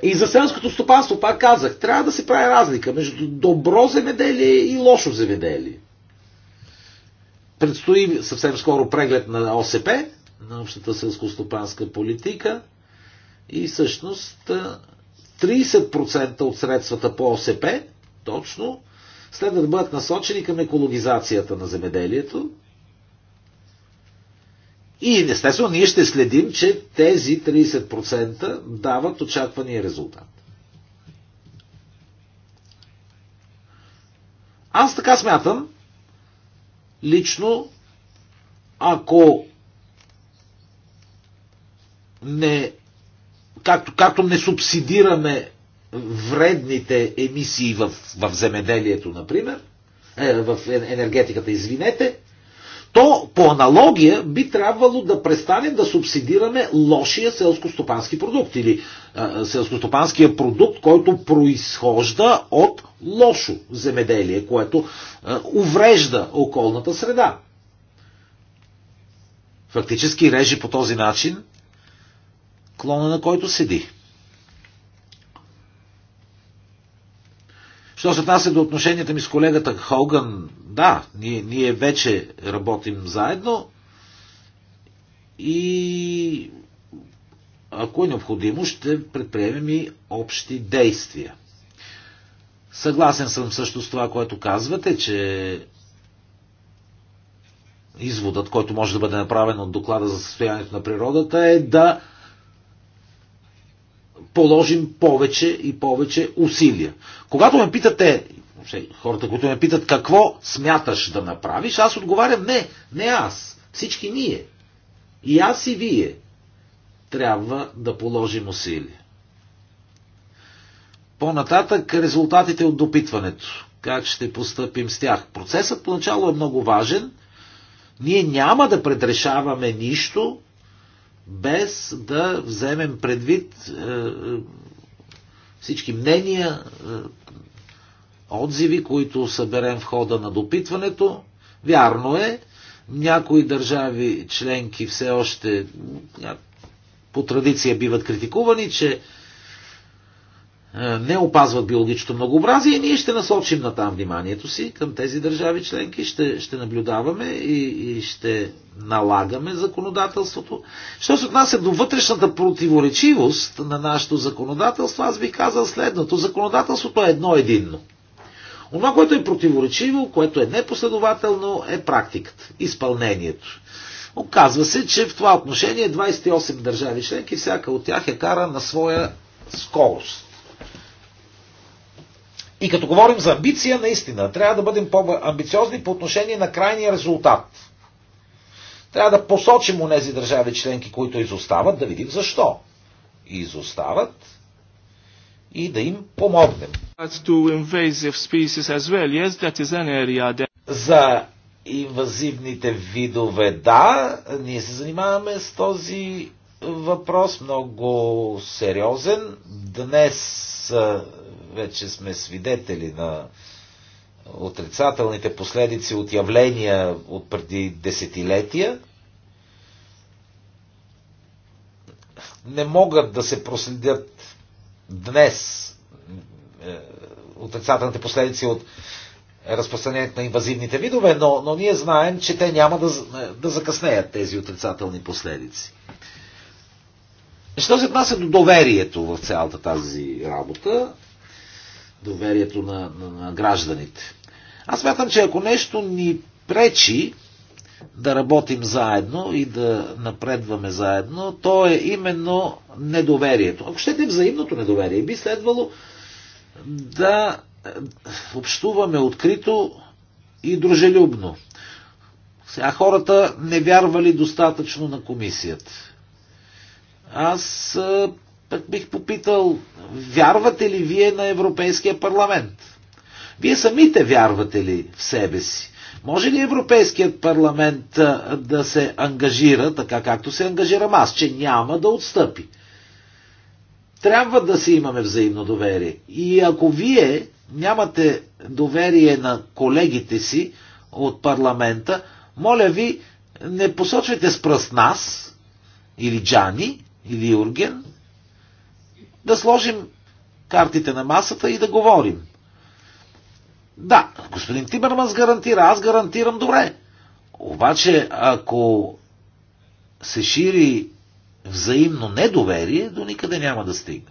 И за селското стопанство, пак казах, трябва да се прави разлика между добро земеделие и лошо земеделие. Предстои съвсем скоро преглед на ОСП, на общата селско-стопанска политика и всъщност 30% от средствата по ОСП, точно, следва да бъдат насочени към екологизацията на земеделието и естествено ние ще следим, че тези 30% дават очаквания резултат. Аз така смятам, лично, ако не, както, както не субсидираме вредните емисии в, в земеделието, например, е, в енергетиката, извинете, то по аналогия би трябвало да престанем да субсидираме лошия селскостопански продукт или селскостопанския продукт, който произхожда от лошо земеделие, което уврежда околната среда. Фактически режи по този начин клона, на който седи. Що се отнася до отношенията ми с колегата Хоган, да, ние, ние вече работим заедно и ако е необходимо, ще предприемем и общи действия. Съгласен съм също с това, което казвате, че изводът, който може да бъде направен от доклада за състоянието на природата е да положим повече и повече усилия. Когато ме питате, хората, които ме питат какво смяташ да направиш, аз отговарям не, не аз, всички ние. И аз и вие трябва да положим усилия. По-нататък резултатите от допитването. Как ще постъпим с тях? Процесът поначало е много важен. Ние няма да предрешаваме нищо, без да вземем предвид е, е, всички мнения, е, отзиви, които съберем в хода на допитването. Вярно е, някои държави членки все още по традиция биват критикувани, че не опазват биологичното многообразие, ние ще насочим на там вниманието си към тези държави членки, ще, ще наблюдаваме и, и ще налагаме законодателството. Що се отнася до вътрешната противоречивост на нашето законодателство, аз ви казал следното. Законодателството е едно единно. Онова, което е противоречиво, което е непоследователно, е практиката, изпълнението. Оказва се, че в това отношение 28 държави членки, всяка от тях е кара на своя скорост и като говорим за амбиция, наистина, трябва да бъдем по-амбициозни по отношение на крайния резултат. Трябва да посочим у нези държави членки, които изостават, да видим защо. Изостават и да им помогнем. За инвазивните видове, да, ние се занимаваме с този въпрос, много сериозен. Днес вече сме свидетели на отрицателните последици от явления от преди десетилетия, не могат да се проследят днес е, отрицателните последици от разпространението на инвазивните видове, но, но ние знаем, че те няма да, да закъснеят тези отрицателни последици. Що се отнася до доверието в цялата тази работа, доверието на, на, на гражданите. Аз мятам, че ако нещо ни пречи да работим заедно и да напредваме заедно, то е именно недоверието. Ако ще е взаимното недоверие, би следвало да е, общуваме открито и дружелюбно. Сега хората не вярвали достатъчно на комисията. Аз е, пък бих попитал, вярвате ли вие на Европейския парламент? Вие самите вярвате ли в себе си? Може ли Европейският парламент да се ангажира, така както се ангажирам аз, че няма да отстъпи? Трябва да си имаме взаимно доверие. И ако вие нямате доверие на колегите си от парламента, моля ви, не посочвайте с пръст нас, или Джани, или Юрген, да сложим картите на масата и да говорим. Да, господин Тибърманс гарантира, аз гарантирам добре. Обаче, ако се шири взаимно недоверие, до никъде няма да стигне.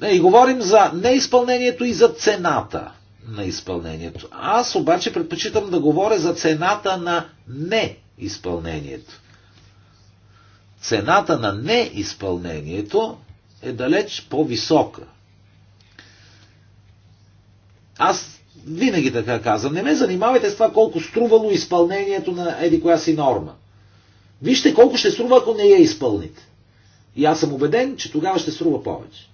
Не, и говорим за неизпълнението и за цената на изпълнението. Аз обаче предпочитам да говоря за цената на неизпълнението. Цената на неизпълнението е далеч по-висока. Аз винаги така казвам. Не ме занимавайте с това колко струвало изпълнението на еди коя си норма. Вижте колко ще струва, ако не я изпълните. И аз съм убеден, че тогава ще струва повече.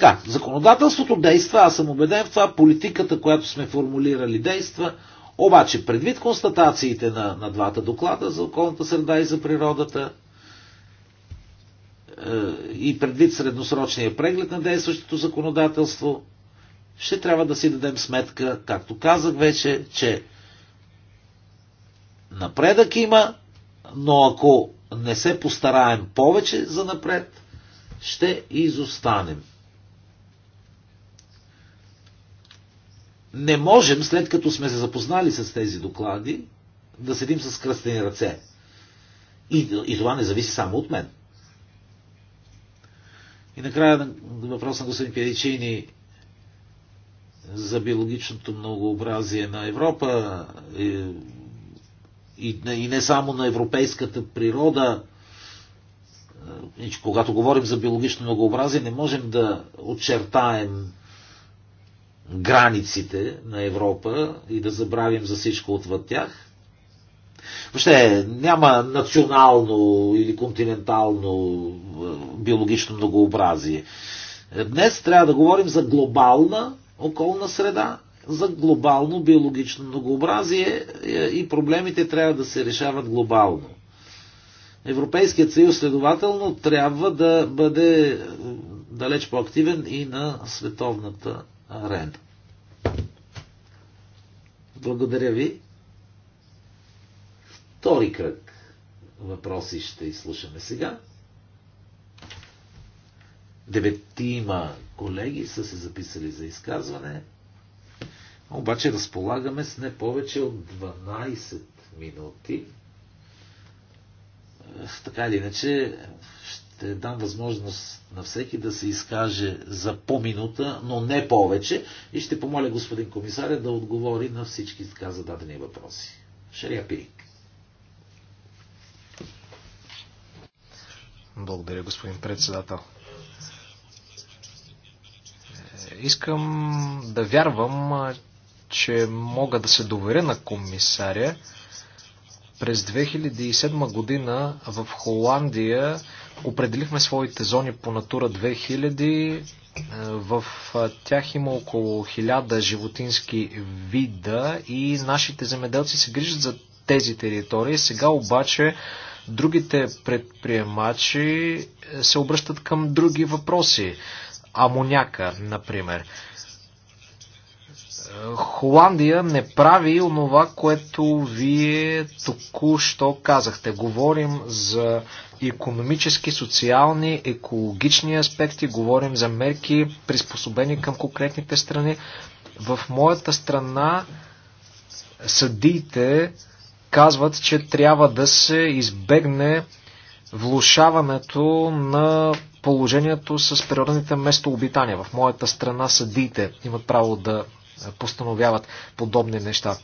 Така, законодателството действа, аз съм убеден в това, политиката, която сме формулирали, действа, обаче предвид констатациите на, на двата доклада за околната среда и за природата, е, и предвид средносрочния преглед на действащото законодателство, ще трябва да си дадем сметка, както казах вече, че напредък има, но ако не се постараем повече за напред, ще изостанем. не можем, след като сме се запознали с тези доклади, да седим с кръстени ръце. И, и това не зависи само от мен. И накрая на въпрос на господин Педичини за биологичното многообразие на Европа и, е, и, и не само на европейската природа. Е, значи, когато говорим за биологично многообразие, не можем да очертаем границите на Европа и да забравим за всичко отвъд тях. Въобще няма национално или континентално биологично многообразие. Днес трябва да говорим за глобална околна среда, за глобално биологично многообразие е, и проблемите трябва да се решават глобално. Европейският съюз, следователно, трябва да бъде далеч по-активен и на световната Рен. Благодаря ви. Втори кръг въпроси ще изслушаме сега. Деветима колеги са се записали за изказване, обаче разполагаме с не повече от 12 минути. Е, така или иначе, ще ще дам възможност на всеки да се изкаже за по минута, но не повече. И ще помоля господин комисаря да отговори на всички така зададени въпроси. Шария Пирик. Благодаря, господин председател. Искам да вярвам, че мога да се доверя на комисаря. През 2007 година в Холандия Определихме своите зони по Натура 2000. Е, в тях има около 1000 животински вида и нашите земеделци се грижат за тези територии. Сега обаче другите предприемачи е, се обръщат към други въпроси. Амоняка, например. Холандия не прави онова, което вие току-що казахте. Говорим за економически, социални, екологични аспекти, говорим за мерки, приспособени към конкретните страни. В моята страна съдиите казват, че трябва да се избегне влушаването на положението с природните местообитания. В моята страна съдиите имат право да постановяват подобни неща.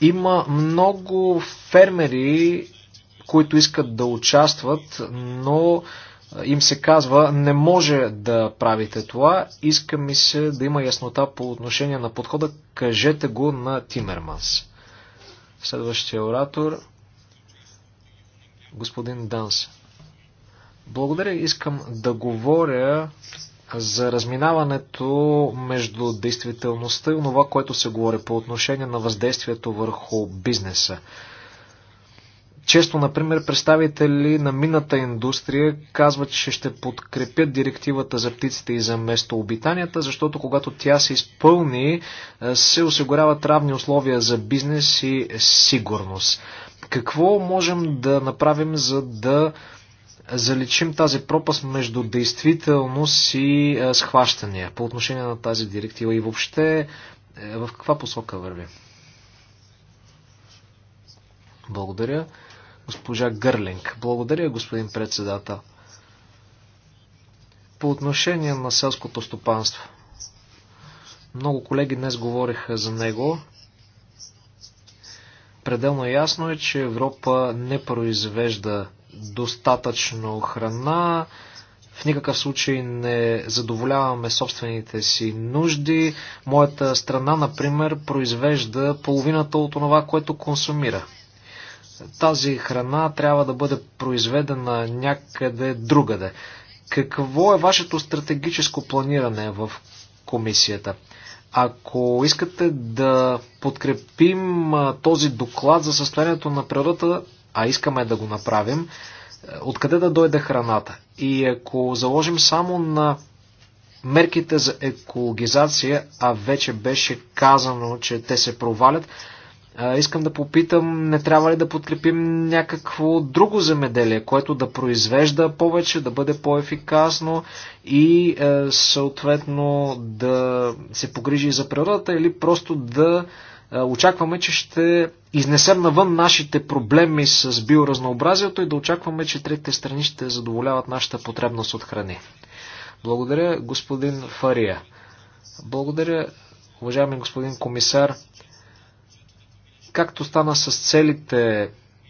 Има много фермери които искат да участват, но им се казва, не може да правите това, иска ми се да има яснота по отношение на подхода, кажете го на Тимерманс. Следващия оратор, господин Данс. Благодаря, искам да говоря за разминаването между действителността и това, което се говори по отношение на въздействието върху бизнеса. Често, например, представители на мината индустрия казват, че ще подкрепят директивата за птиците и за местообитанията, защото когато тя се изпълни, е, се осигуряват равни условия за бизнес и сигурност. Какво можем да направим, за да заличим тази пропаст между действителност и е, схващания по отношение на тази директива и въобще е, в каква посока върви? Благодаря госпожа Гърлинг. Благодаря, господин председател. По отношение на селското стопанство. Много колеги днес говориха за него. Пределно ясно е, че Европа не произвежда достатъчно храна, в никакъв случай не задоволяваме собствените си нужди. Моята страна, например, произвежда половината от това, което консумира тази храна трябва да бъде произведена някъде другаде. Какво е вашето стратегическо планиране в комисията? Ако искате да подкрепим този доклад за състоянието на природата, а искаме да го направим, е, откъде да дойде храната? И ако заложим само на мерките за екологизация, а вече беше казано, че те се провалят, Искам да попитам, не трябва ли да подкрепим някакво друго земеделие, което да произвежда повече, да бъде по-ефикасно и е, съответно да се погрижи за природата или просто да е, очакваме, че ще изнесем навън нашите проблеми с биоразнообразието и да очакваме, че третите страни ще задоволяват нашата потребност от храни. Благодаря, господин Фария. Благодаря, уважаеми господин комисар както стана с целите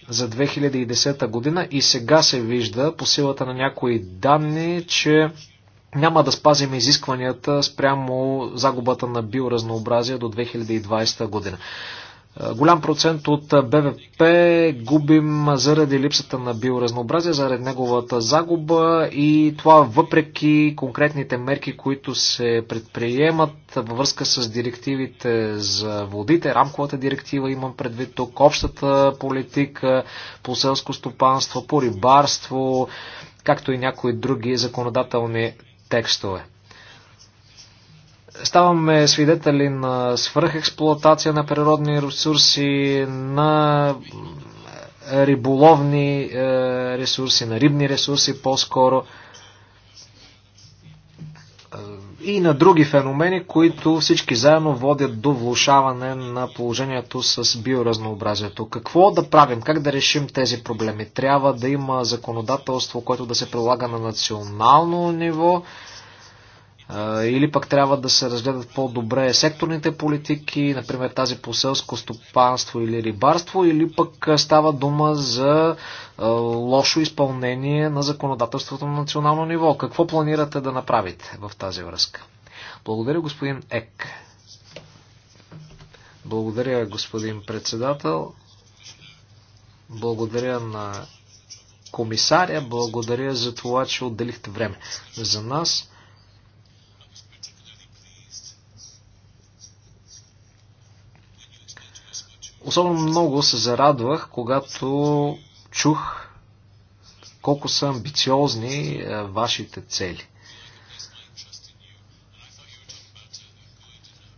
за 2010 година и сега се вижда по силата на някои данни, че няма да спазим изискванията спрямо загубата на биоразнообразие до 2020 година. Голям процент от БВП губим заради липсата на биоразнообразие, заради неговата загуба и това въпреки конкретните мерки, които се предприемат във връзка с директивите за водите, рамковата директива имам предвид тук, общата политика по селско стопанство, по рибарство, както и някои други законодателни текстове. Ставаме свидетели на свръхексплуатация на природни ресурси, на риболовни е, ресурси, на рибни ресурси по-скоро е, и на други феномени, които всички заедно водят до влушаване на положението с биоразнообразието. Какво да правим? Как да решим тези проблеми? Трябва да има законодателство, което да се прилага на национално ниво, или пък трябва да се разгледат по-добре секторните политики, например тази по селско стопанство или рибарство, или пък става дума за лошо изпълнение на законодателството на национално ниво. Какво планирате да направите в тази връзка? Благодаря, господин Ек. Благодаря, господин председател. Благодаря на комисаря. Благодаря за това, че отделихте време за нас. Особено много се зарадвах, когато чух колко са амбициозни е, вашите цели.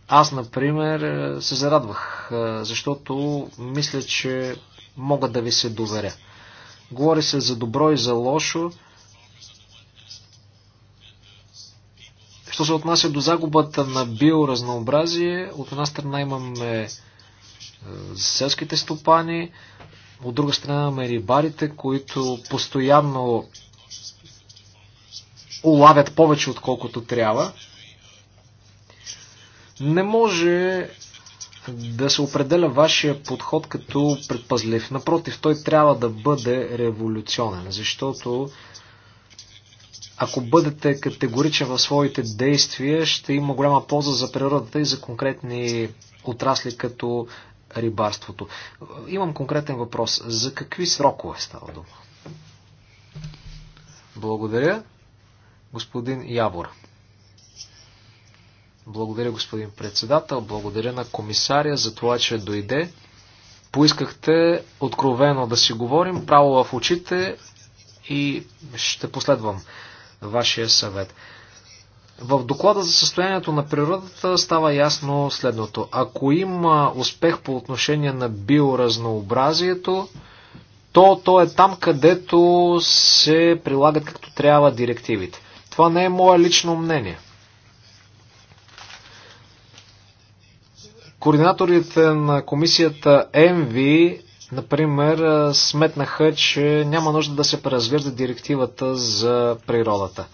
Аз, например, е, се зарадвах, е, защото мисля, че мога да ви се доверя. Говори се за добро и за лошо. Що се отнася до загубата на биоразнообразие, от една страна имаме за селските стопани, от друга страна имаме рибарите, които постоянно улавят повече отколкото трябва. Не може да се определя вашия подход като предпазлив. Напротив, той трябва да бъде революционен, защото ако бъдете категоричен в своите действия, ще има голяма полза за природата и за конкретни отрасли като рибарството. Имам конкретен въпрос. За какви срокове става дума? Благодаря, господин Явор. Благодаря, господин председател. Благодаря на комисаря за това, че дойде. Поискахте откровено да си говорим, право в очите и ще последвам вашия съвет. В доклада за състоянието на природата става ясно следното. Ако има успех по отношение на биоразнообразието, то, то е там, където се прилагат както трябва директивите. Това не е мое лично мнение. Координаторите на комисията ЕМВИ, например, сметнаха, че няма нужда да се преразглежда директивата за природата.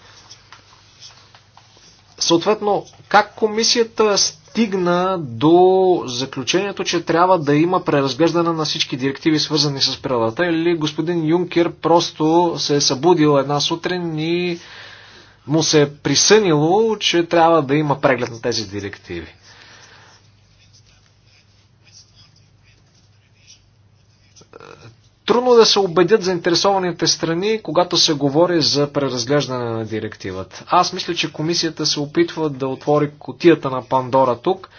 Съответно, как комисията стигна до заключението, че трябва да има преразглеждане на всички директиви, свързани с природата, или господин Юнкер просто се е събудил една сутрин и му се е присънило, че трябва да има преглед на тези директиви? Трудно да се убедят заинтересованите страни, когато се говори за преразглеждане на директивата. Аз мисля, че комисията се опитва да отвори котията на Пандора тук.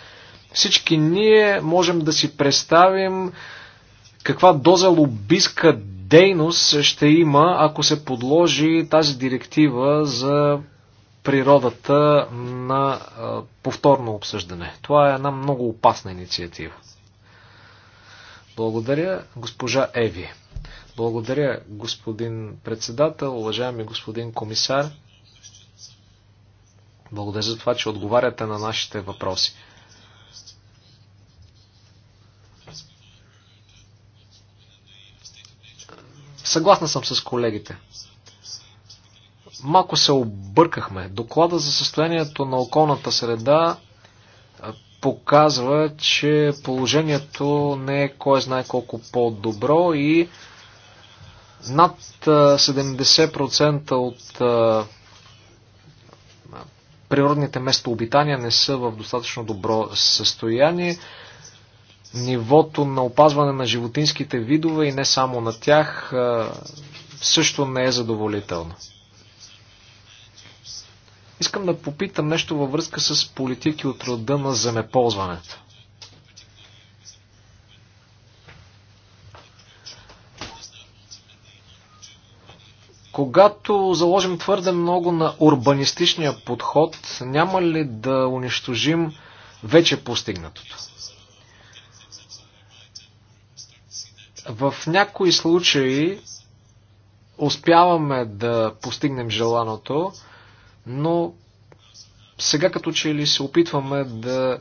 Всички ние можем да си представим каква доза лобистка дейност ще има, ако се подложи тази директива за природата на повторно обсъждане. Това е една много опасна инициатива. Благодаря, госпожа Еви. Благодаря, господин председател, уважаеми господин комисар. Благодаря за това, че отговаряте на нашите въпроси. Съгласна съм с колегите. Малко се объркахме. Доклада за състоянието на околната среда показва, че положението не е кой знае колко по-добро и над 70% от природните местообитания не са в достатъчно добро състояние. Нивото на опазване на животинските видове и не само на тях също не е задоволително. Искам да попитам нещо във връзка с политики от рода на земеползването. Когато заложим твърде много на урбанистичния подход, няма ли да унищожим вече постигнатото? В някои случаи успяваме да постигнем желаното, но сега като че ли се опитваме да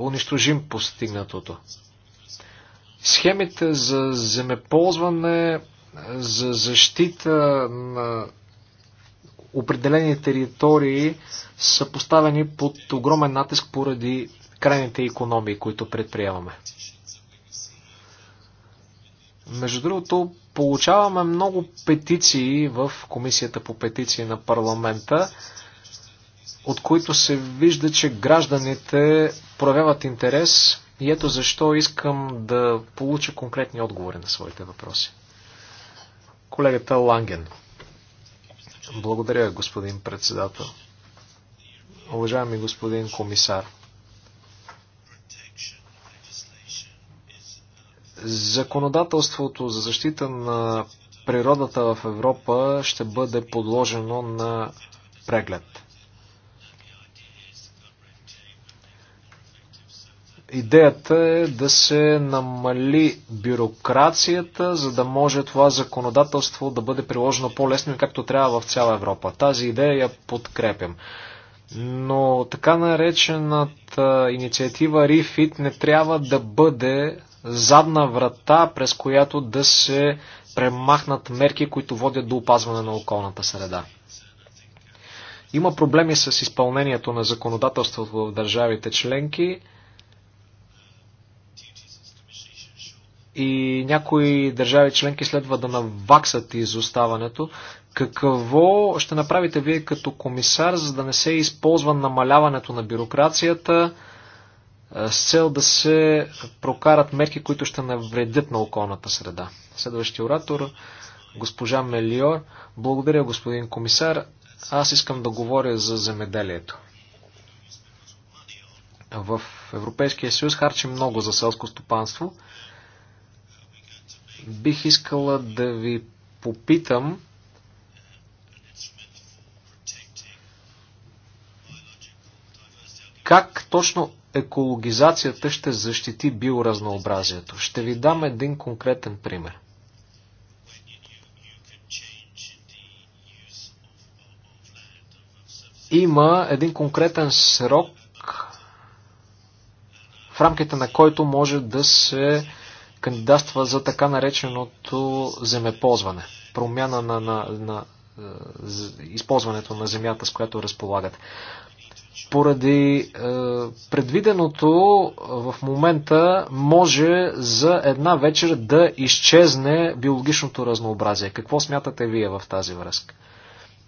унищожим постигнатото. Схемите за земеползване, за защита на определени територии са поставени под огромен натиск поради крайните економии, които предприемаме. Между другото, получаваме много петиции в Комисията по петиции на парламента, от които се вижда, че гражданите проявяват интерес и ето защо искам да получа конкретни отговори на своите въпроси. Колегата Ланген. Благодаря, господин председател. Уважаеми господин комисар. Законодателството за защита на природата в Европа ще бъде подложено на преглед. Идеята е да се намали бюрокрацията, за да може това законодателство да бъде приложено по-лесно и както трябва в цяла Европа. Тази идея я подкрепям. Но така наречената инициатива ReFit не трябва да бъде задна врата, през която да се премахнат мерки, които водят до опазване на околната среда. Има проблеми с изпълнението на законодателството в държавите членки и някои държави членки следва да наваксат изоставането. Какво ще направите вие като комисар, за да не се използва намаляването на бюрокрацията, с цел да се прокарат мерки, които ще навредят на околната среда. Следващия оратор, госпожа Мелиор. Благодаря, господин комисар. Аз искам да говоря за земеделието. В Европейския съюз харчи много за селско стопанство. Бих искала да ви попитам как точно екологизацията ще защити биоразнообразието. Ще ви дам един конкретен пример. Има един конкретен срок, в рамките на който може да се кандидатства за така нареченото земеползване, промяна на, на, на, на е, използването на земята, с която разполагат поради е, предвиденото в момента може за една вечер да изчезне биологичното разнообразие. Какво смятате вие в тази връзка?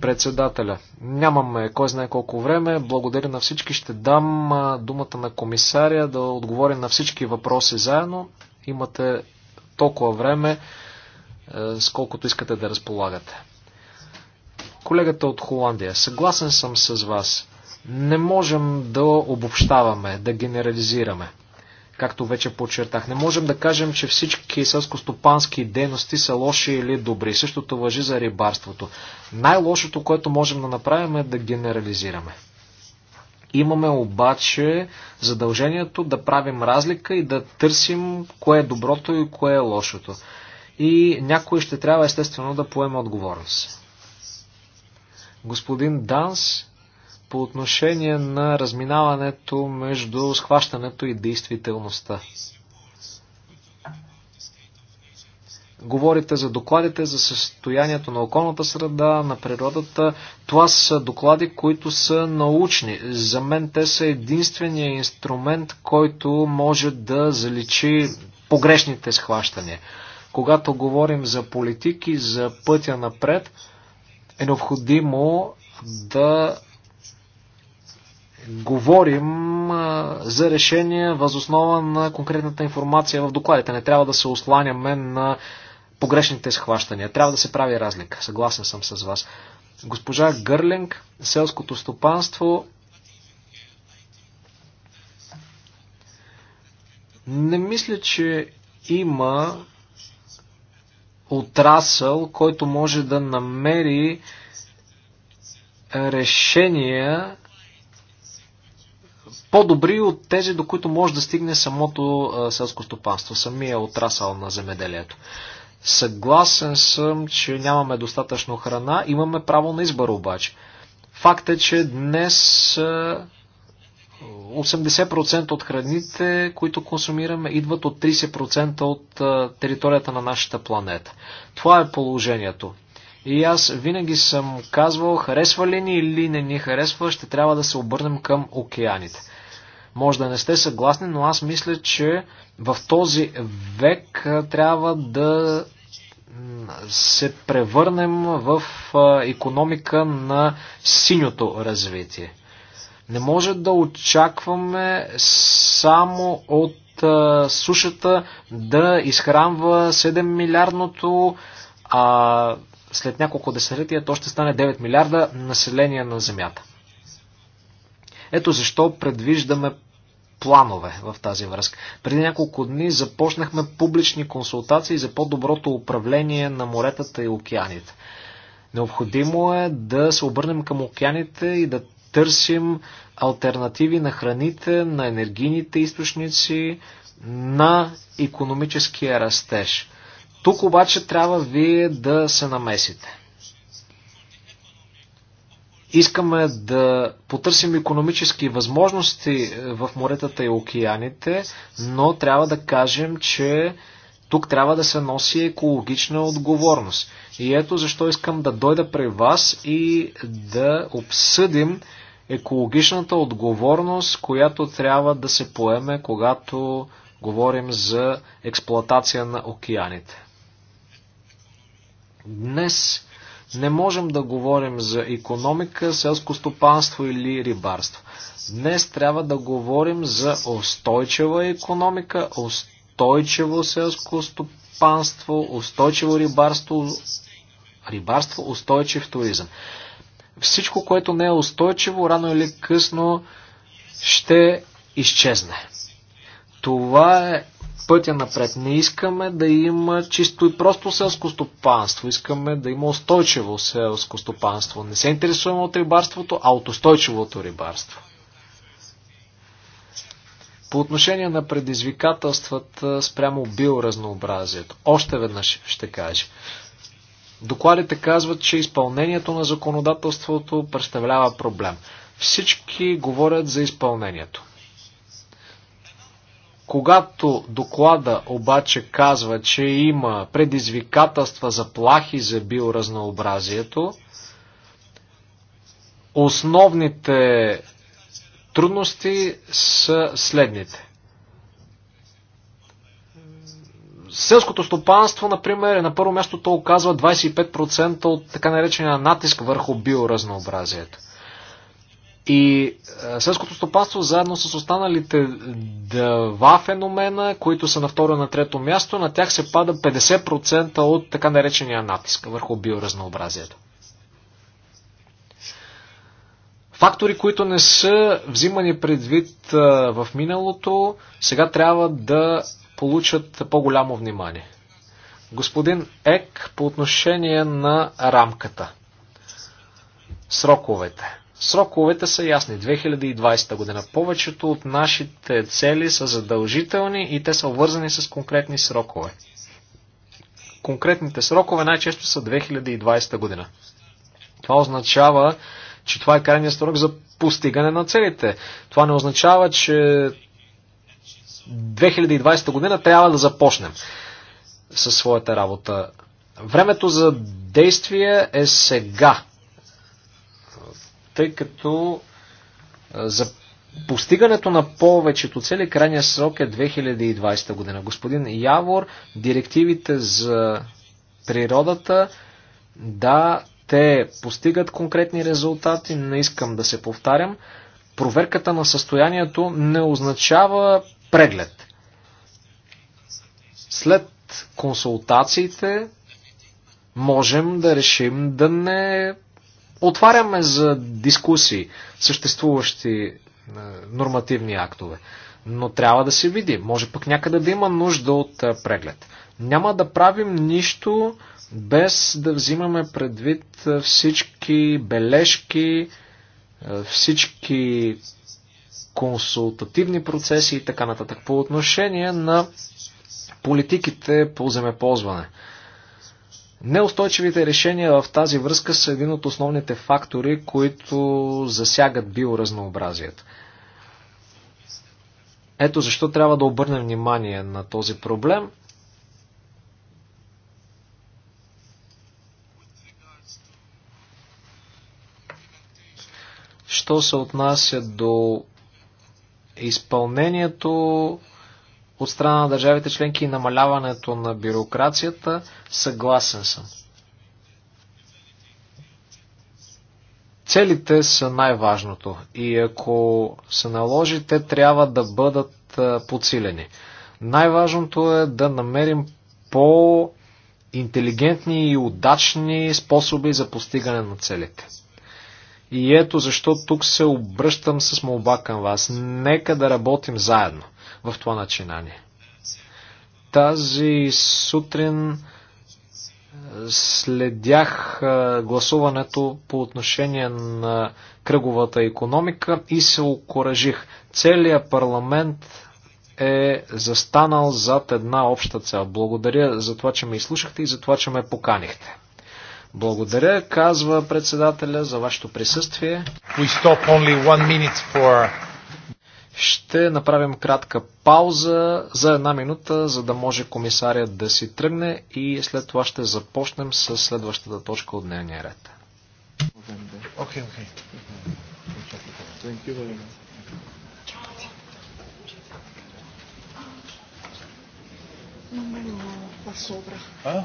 Председателя, нямаме кой знае колко време. Благодаря на всички. Ще дам думата на комисаря да отговори на всички въпроси заедно. Имате толкова време, е, сколкото искате да разполагате. Колегата от Холандия, съгласен съм с вас не можем да обобщаваме, да генерализираме. Както вече подчертах, не можем да кажем, че всички селскостопански дейности са лоши или добри. Същото въжи за рибарството. Най-лошото, което можем да направим е да генерализираме. Имаме обаче задължението да правим разлика и да търсим кое е доброто и кое е лошото. И някой ще трябва естествено да поеме отговорност. Господин Данс по отношение на разминаването между схващането и действителността. Говорите за докладите за състоянието на околната среда, на природата. Това са доклади, които са научни. За мен те са единствения инструмент, който може да заличи погрешните схващания. Когато говорим за политики, за пътя напред, е необходимо да говорим за решения възоснова на конкретната информация в докладите. Не трябва да се осланяме на погрешните схващания. Трябва да се прави разлика. Съгласен съм с вас. Госпожа Гърлинг, селското стопанство. Не мисля, че има отрасъл, който може да намери решения по-добри от тези, до които може да стигне самото селско стопанство, самия отрасъл на земеделието. Съгласен съм, че нямаме достатъчно храна, имаме право на избор обаче. Факт е, че днес 80% от храните, които консумираме, идват от 30% от територията на нашата планета. Това е положението. И аз винаги съм казвал, харесва ли ни или не ни харесва, ще трябва да се обърнем към океаните. Може да не сте съгласни, но аз мисля, че в този век трябва да се превърнем в економика на синьото развитие. Не може да очакваме само от сушата да изхранва 7 милиардното, а след няколко десетилетия то ще стане 9 милиарда население на Земята. Ето защо предвиждаме планове в тази връзка. Преди няколко дни започнахме публични консултации за по-доброто управление на моретата и океаните. Необходимо е да се обърнем към океаните и да търсим альтернативи на храните, на енергийните източници, на економическия растеж. Тук обаче трябва вие да се намесите. Искаме да потърсим економически възможности е, в моретата и океаните, но трябва да кажем, че тук трябва да се носи екологична отговорност. И ето защо искам да дойда при вас и да обсъдим екологичната отговорност, която трябва да се поеме, когато говорим за експлоатация на океаните. Днес не можем да говорим за економика, селско стопанство или рибарство. Днес трябва да говорим за устойчива економика, устойчиво селско стопанство, устойчиво рибарство, рибарство, устойчив туризъм. Всичко, което не е устойчиво, рано или късно ще изчезне. Това е пътя напред. Не искаме да има чисто и просто селско стопанство. Искаме да има устойчиво селско стопанство. Не се интересуваме от рибарството, а от устойчивото рибарство. По отношение на предизвикателствата спрямо биоразнообразието, още веднъж ще кажа. Докладите казват, че изпълнението на законодателството представлява проблем. Всички говорят за изпълнението. Когато доклада обаче казва, че има предизвикателства за плахи за биоразнообразието, основните трудности са следните. Селското стопанство, например, е на първо място то оказва 25% от така наречения натиск върху биоразнообразието. И селското стопанство заедно с останалите два феномена, които са на второ и на трето място, на тях се пада 50% от така наречения натиск върху биоразнообразието. Фактори, които не са взимани предвид в миналото, сега трябва да получат по-голямо внимание. Господин Ек по отношение на рамката. Сроковете Сроковете са ясни. 2020 година. Повечето от нашите цели са задължителни и те са вързани с конкретни срокове. Конкретните срокове най-често са 2020 година. Това означава, че това е крайният срок за постигане на целите. Това не означава, че 2020 година трябва да започнем със своята работа. Времето за действие е сега тъй като за постигането на повечето цели крайния срок е 2020 година. Господин Явор, директивите за природата, да, те постигат конкретни резултати, не искам да се повтарям. Проверката на състоянието не означава преглед. След консултациите можем да решим да не отваряме за дискусии съществуващи е, нормативни актове. Но трябва да се види. Може пък някъде да има нужда от е, преглед. Няма да правим нищо без да взимаме предвид е, всички бележки, всички консултативни процеси и така нататък. По отношение на политиките по земеползване. Неустойчивите решения в тази връзка са един от основните фактори, които засягат биоразнообразието. Ето защо трябва да обърнем внимание на този проблем. Що се отнася до изпълнението, от страна на държавите членки и намаляването на бюрокрацията, съгласен съм. Целите са най-важното и ако се наложи, те трябва да бъдат подсилени. Най-важното е да намерим по-интелигентни и удачни способи за постигане на целите. И ето защо тук се обръщам с молба към вас. Нека да работим заедно в това начинание. Тази сутрин е, следях е, гласуването по отношение на кръговата економика и се окоръжих. Целият парламент е застанал зад една обща цел. Благодаря за това, че ме изслушахте и за това, че ме поканихте. Благодаря, казва председателя, за вашето присъствие. We stop only one minute for ще направим кратка пауза за една минута, за да може комисарят да си тръгне и след това ще започнем с следващата точка от дневния ред. Okay, okay. Thank you very much. Non me lo fa sopra. Eh?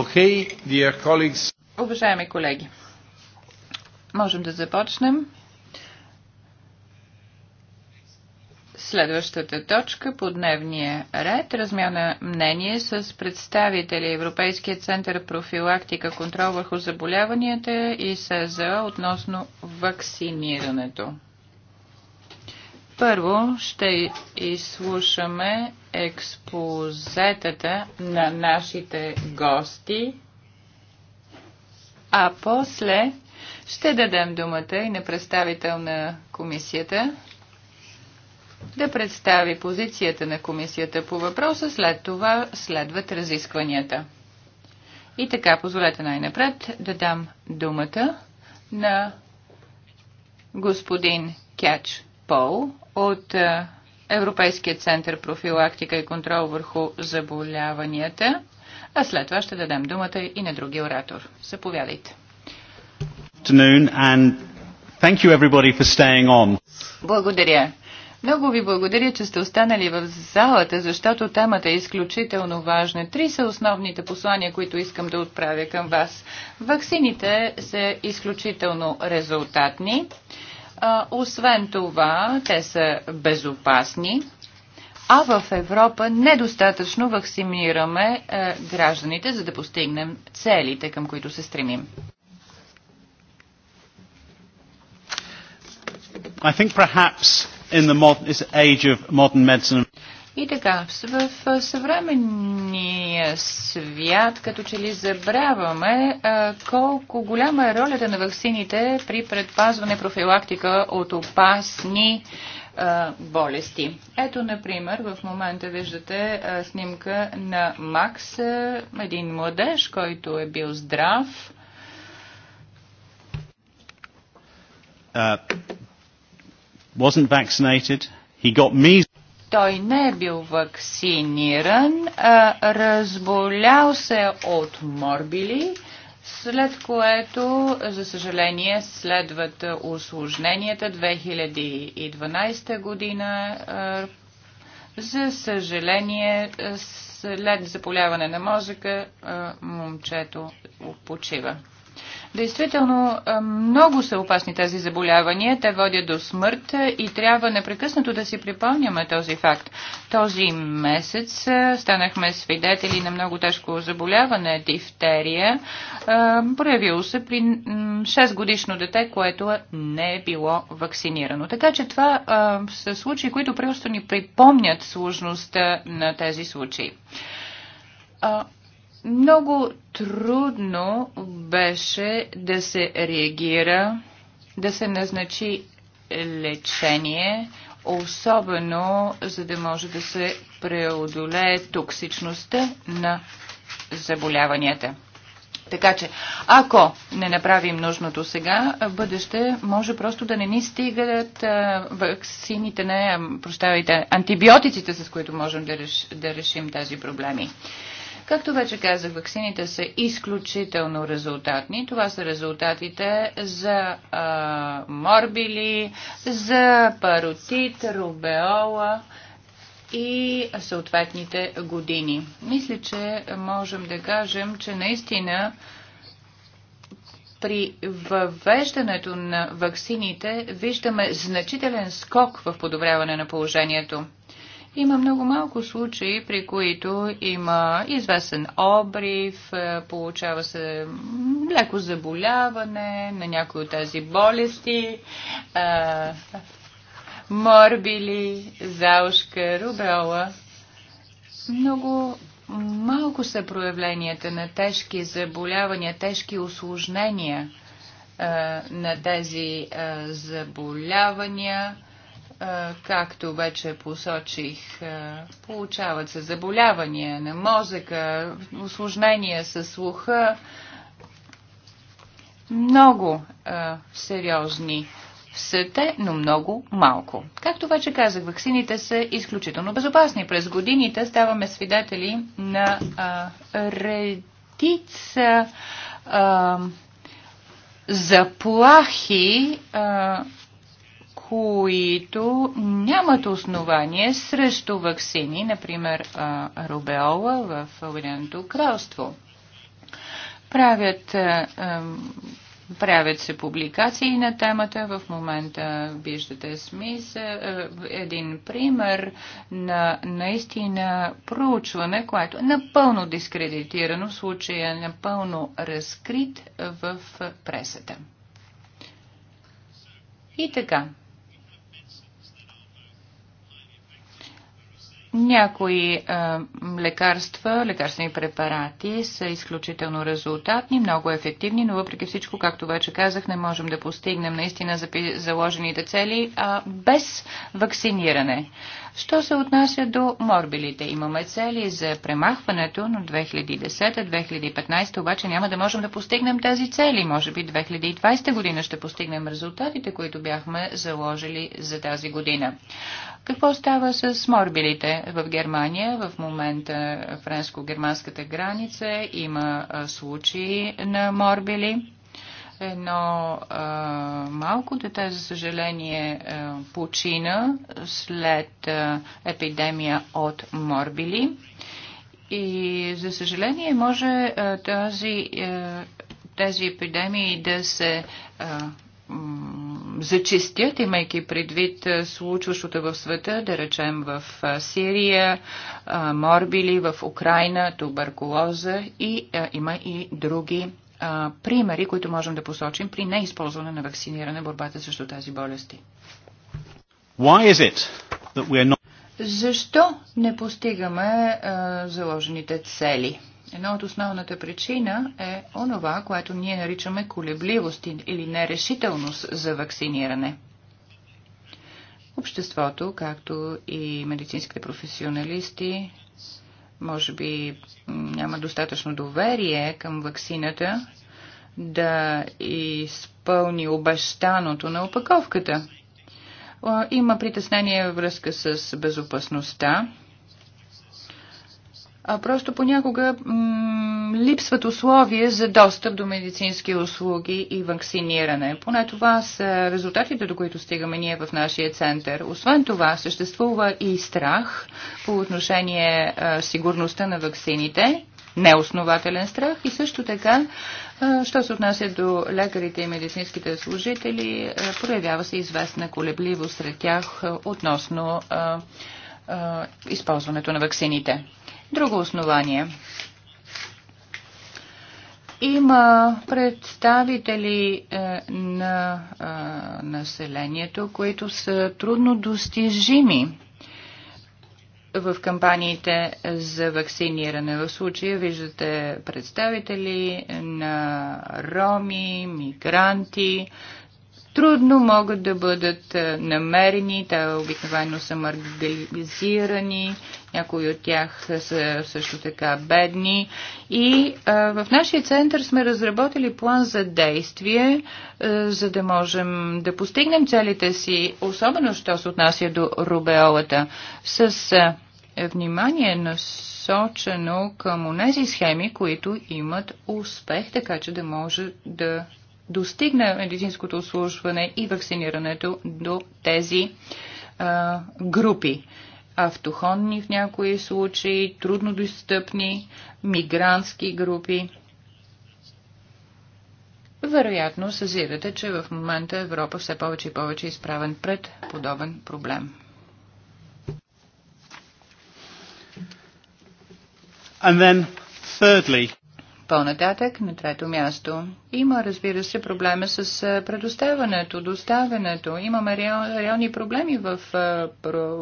Okay, dear colleagues. Уважаеми колеги, можем да започнем. Следващата точка по дневния ред размяна мнение с представители Европейския център профилактика контрол върху заболяванията и СЗО относно вакцинирането. Първо ще изслушаме експозетата на нашите гости, а после ще дадем думата и на представител на комисията да представи позицията на комисията по въпроса, след това следват разискванията. И така, позволете най-напред да дам думата на господин Кяч Пол, от е, Европейския център профилактика и контрол върху заболяванията, а след това ще дадем думата и на други оратор. Заповядайте. Благодаря. Много ви благодаря, че сте останали в залата, защото темата е изключително важна. Три са основните послания, които искам да отправя към вас. Ваксините са изключително резултатни. А, освен това, те са безопасни, а в Европа недостатъчно вакцинираме е, гражданите, за да постигнем целите, към които се стремим. I think perhaps in the modern, age of modern medicine и така, в съвременния свят, като че ли забравяме колко голяма е ролята на ваксините при предпазване профилактика от опасни болести. Ето, например, в момента виждате снимка на Макс, един младеж, който е бил здрав. Uh, wasn't vaccinated. He got measles. Той не е бил вакциниран, а разболял се е от морбили, след което, за съжаление, следват осложненията 2012 година. За съжаление, след заболяване на мозъка, момчето почива. Действително е, много са опасни тези заболявания. Те водят до смърт и трябва непрекъснато да си припомняме този факт. Този месец е, станахме свидетели на много тежко заболяване дифтерия. Е, проявило се при 6 годишно дете, което не е било вакцинирано. Така че това са случаи, които просто ни припомнят сложността на тези случаи много трудно беше да се реагира, да се назначи лечение, особено за да може да се преодолее токсичността на заболяванията. Така че, ако не направим нужното сега, в бъдеще може просто да не ни стигат вакцините, не, прощавайте, антибиотиците, с които можем да, реш, да решим тези проблеми. Както вече казах, ваксините са изключително резултатни. Това са резултатите за а, морбили, за паротит, рубеола и съответните години. Мисля, че можем да кажем, че наистина при въвеждането на ваксините виждаме значителен скок в подобряване на положението. Има много малко случаи, при които има известен обрив, е, получава се леко заболяване на някои от тези болести, е, морбили, заушка, рубела. Много малко са проявленията на тежки заболявания, тежки осложнения е, на тези заболявания както вече посочих, получават се заболявания на мозъка, осложнения с слуха, много а, сериозни са те, но много малко. Както вече казах, ваксините са изключително безопасни. През годините ставаме свидетели на а, редица а, заплахи а, които нямат основание срещу вакцини, например рубеола в Обединеното кралство. Правят Правят се публикации на темата. В момента виждате смис един пример на наистина проучване, което е напълно дискредитирано, в случая е напълно разкрит в пресата. И така, Някои а, е, лекарства, лекарствени препарати са изключително резултатни, много ефективни, но въпреки всичко, както вече казах, не можем да постигнем наистина заложените цели а без вакциниране. Що се отнася до морбилите? Имаме цели за премахването, но 2010-2015 обаче няма да можем да постигнем тези цели. Може би 2020 година ще постигнем резултатите, които бяхме заложили за тази година. Какво става с морбилите в Германия? В момента френско-германската граница има случаи на морбили Едно а, малко дете, за съжаление, а, почина след а, епидемия от морбили. И, за съжаление, може а, тази, а, тези епидемии да се а, зачистят, имайки предвид случващото в света, да речем в Сирия, морбили, в Украина, туберкулоза и има и други а, примери, които можем да посочим при неизползване на вакциниране борбата срещу тази болести. Why is it that we are not... Защо не постигаме а, заложените цели? Една от основната причина е онова, което ние наричаме колебливост или нерешителност за вакциниране. Обществото, както и медицинските професионалисти, може би няма достатъчно доверие към ваксината да изпълни обещаното на опаковката. Има притеснение връзка с безопасността а просто понякога липсват условия за достъп до медицински услуги и вакциниране. Поне това са резултатите, до които стигаме ние в нашия център. Освен това, съществува и страх по отношение а, сигурността на вакцините, неоснователен страх и също така, що се отнася до лекарите и медицинските служители, проявява се известна колебливост сред тях относно използването на вакцините друго основание. Има представители е, на е, населението, които са трудно достижими в кампаниите за вакциниране. В случая виждате представители на роми, мигранти, трудно могат да бъдат е, намерени, те обикновено са маргализирани, някои от тях са също така бедни. И а, е, в нашия център сме разработили план за действие, а, е, за да можем да постигнем целите си, особено що се отнася до рубеолата, с а, внимание на насочено към онези схеми, които имат успех, така че да може да достигне медицинското услужване и вакцинирането до тези а, групи. Автохонни в някои случаи, труднодостъпни, мигрантски групи. Вероятно съзирате, че в момента Европа все повече и повече е изправен пред подобен проблем. And then, thirdly, по-нататък, на трето място, има, разбира се, проблема с предоставянето, доставянето. Имаме реал, реални проблеми в,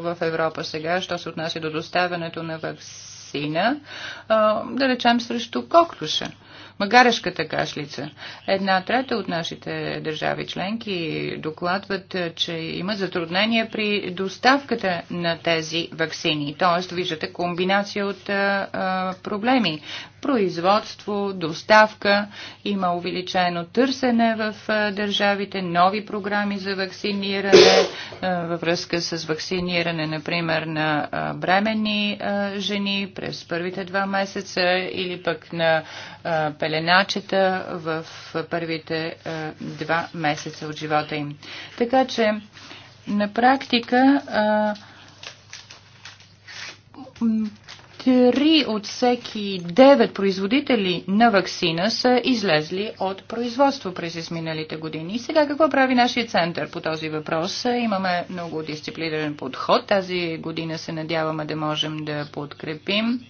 в Европа сега, що се отнася до доставянето на вакцина, да речем срещу коклюша магарешката кашлица. Една трета от нашите държави членки докладват, че има затруднения при доставката на тези вакцини. Тоест, виждате комбинация от а, проблеми производство, доставка, има увеличено търсене в държавите, нови програми за вакциниране, във връзка с вакциниране, например, на бременни жени през първите два месеца или пък на пеленачета в първите два месеца от живота им. Така че, на практика, три от всеки девет производители на вакцина са излезли от производство през изминалите години. И сега какво прави нашия център по този въпрос? Имаме много дисциплиниран подход. Тази година се надяваме да можем да подкрепим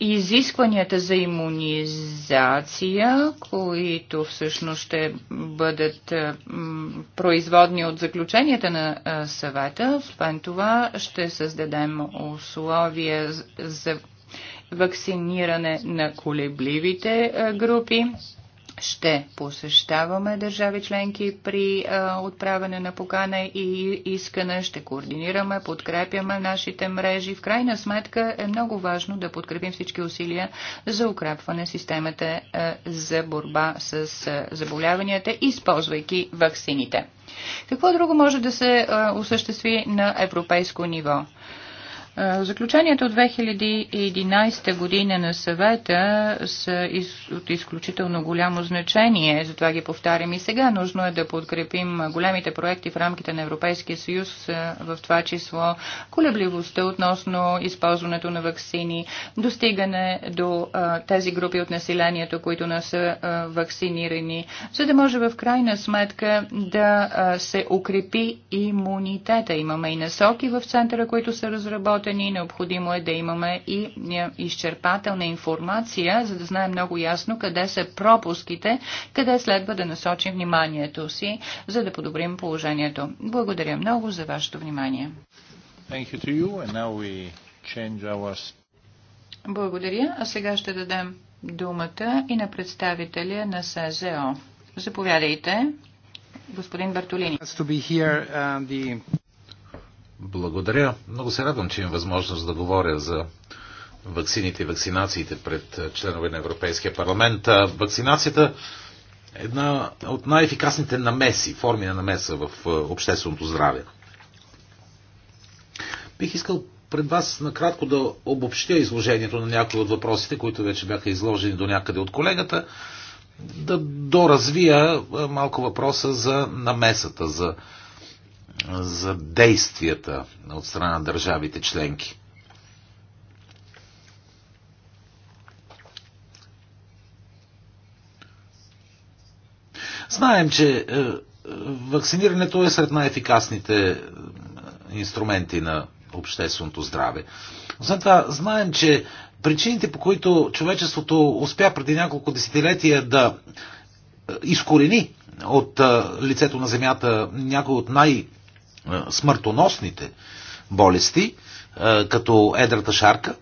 изискванията за иммунизация, които всъщност ще бъдат производни от заключенията на съвета, освен това ще създадем условия за вакциниране на колебливите групи ще посещаваме държави членки при а, отправяне на покана и искане, ще координираме, подкрепяме нашите мрежи. В крайна сметка е много важно да подкрепим всички усилия за укрепване системата а, за борба с а, заболяванията, използвайки ваксините. Какво друго може да се а, осъществи на европейско ниво? Заключението от 2011 година на съвета са из, от изключително голямо значение, затова ги повтарям и сега. Нужно е да подкрепим големите проекти в рамките на Европейския съюз, в това число колебливостта относно използването на вакцини, достигане до а, тези групи от населението, които не са а, вакцинирани, за да може в крайна сметка да а, се укрепи имунитета. Имаме и насоки в центъра, които са разработени живота ни, необходимо е да имаме и е, изчерпателна информация, за да знаем много ясно къде са пропуските, къде следва да насочим вниманието си, за да подобрим положението. Благодаря много за вашето внимание. Our... Благодаря. А сега ще дадем думата и на представителя на СЗО. Заповядайте, господин Бартолини. Uh, благодаря. Много се радвам, че имам възможност да говоря за ваксините и вакцинациите пред членове на Европейския парламент. Вакцинацията е една от най-ефикасните намеси, форми на намеса в общественото здраве. Бих искал пред вас накратко да обобщя изложението на някои от въпросите, които вече бяха изложени до някъде от колегата, да доразвия малко въпроса за намесата, за за действията от страна на държавите членки. Знаем, че е, е, вакцинирането е сред най-ефикасните е, инструменти на общественото здраве. Освен това, знаем, че причините, по които човечеството успя преди няколко десетилетия да изкорени от лицето на Земята някои от най- е, смъртоносните болести, е, като едрата шарка.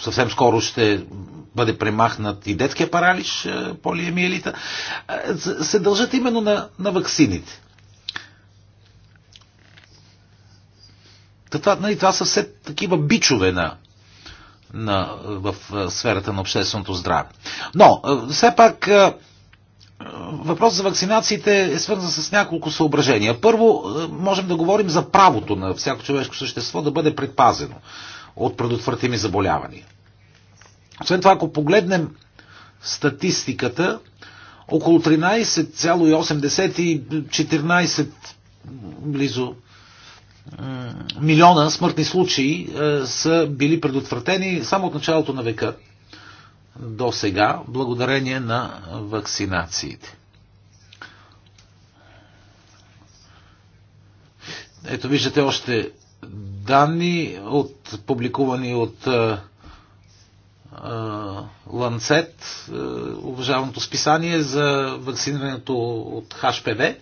Съвсем скоро ще бъде премахнат и детския паралиш, е, полиемиелита, се дължат именно на, на ваксините. Това, нали, това са все такива бичове на, на, в сферата на общественото здраве. Но, все пак, въпрос за вакцинациите е свързан с няколко съображения. Първо, е, можем да говорим за правото на всяко човешко същество да бъде предпазено от предотвратими заболявания. Освен това, ако погледнем статистиката, около 13,8 14 близо е, милиона смъртни случаи е, са били предотвратени само от началото на века до сега, благодарение на вакцинациите. Ето виждате още данни от, публикувани от Ланцет, уважаваното списание за вакцинирането от ХПВ.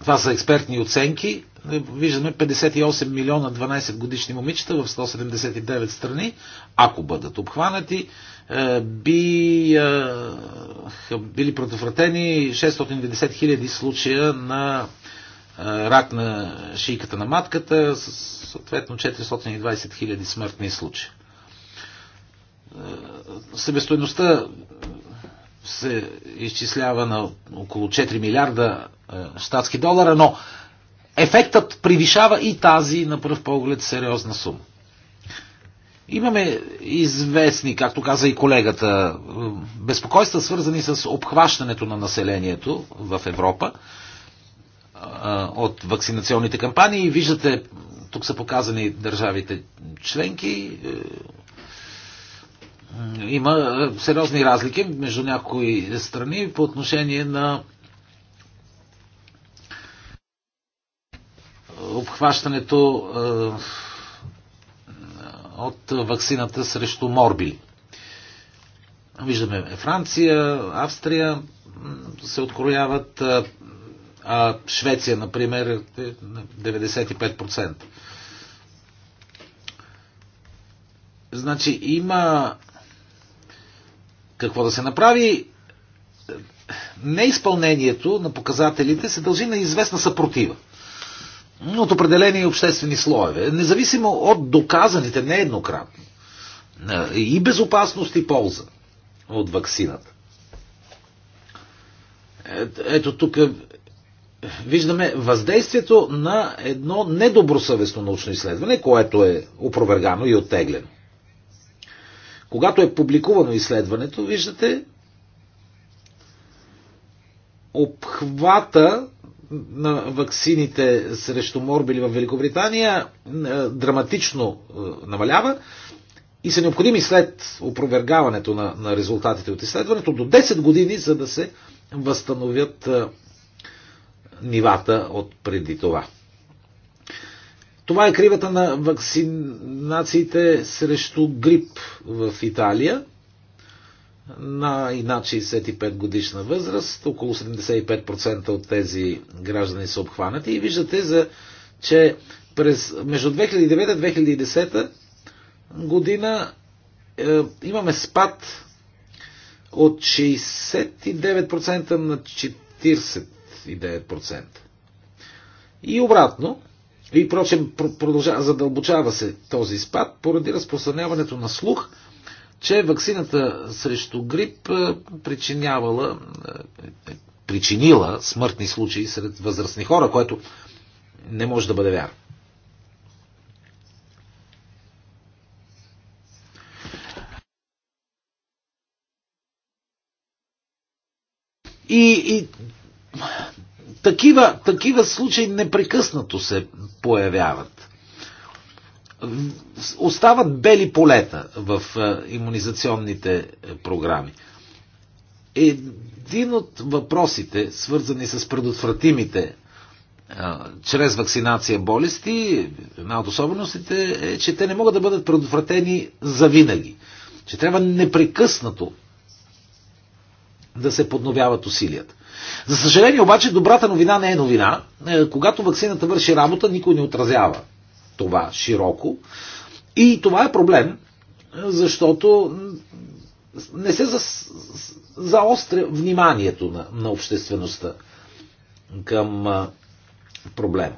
Това са експертни оценки виждаме 58 милиона 12 годишни момичета в 179 страни, ако бъдат обхванати, е, би е, били предотвратени 690 хиляди случая на е, рак на шийката на матката, съответно 420 хиляди смъртни случаи. Себестоеността се изчислява на около 4 милиарда щатски долара, но ефектът превишава и тази на пръв поглед сериозна сума. Имаме известни, както каза и колегата, безпокойства, свързани с обхващането на населението в Европа от вакцинационните кампании. Виждате, тук са показани държавите членки. Е, има сериозни разлики между някои страни по отношение на обхващането е, от вакцината срещу морбили. Виждаме Франция, Австрия се открояват, е, а Швеция, например, 95%. Е значи има какво да се направи. Неизпълнението на показателите се дължи на известна съпротива от определени обществени слоеве, независимо от доказаните нееднократно е, и безопасност и полза от ваксината. Ето тук е, виждаме въздействието на едно недобросъвестно научно изследване, което е опровергано и оттеглено. Когато е публикувано изследването, виждате обхвата на ваксините срещу морбили в Великобритания е, драматично е, намалява и са необходими след опровергаването на, на резултатите от изследването до 10 години, за да се възстановят е, нивата от преди това. Това е кривата на вакцинациите срещу грип в Италия – на и над 65 годишна възраст. Около 75% от тези граждани са обхванати. И виждате, за, че през, между 2009-2010 година е, имаме спад от 69% на 49%. И обратно, и прочим, продължава, задълбочава се този спад поради разпространяването на слух – че ваксината срещу грип е, причинявала, е, е, причинила смъртни случаи сред възрастни хора, което не може да бъде вярно. И, и такива, такива случаи непрекъснато се появяват остават бели полета в е, иммунизационните е, програми. Един от въпросите, свързани с предотвратимите е, чрез вакцинация болести, една от особеностите е, че те не могат да бъдат предотвратени завинаги. Че трябва непрекъснато да се подновяват усилията. За съжаление обаче, добрата новина не е новина. Когато вакцината върши работа, никой не отразява това широко. И това е проблем, защото не се за, заостря вниманието на, на обществеността към а, проблема.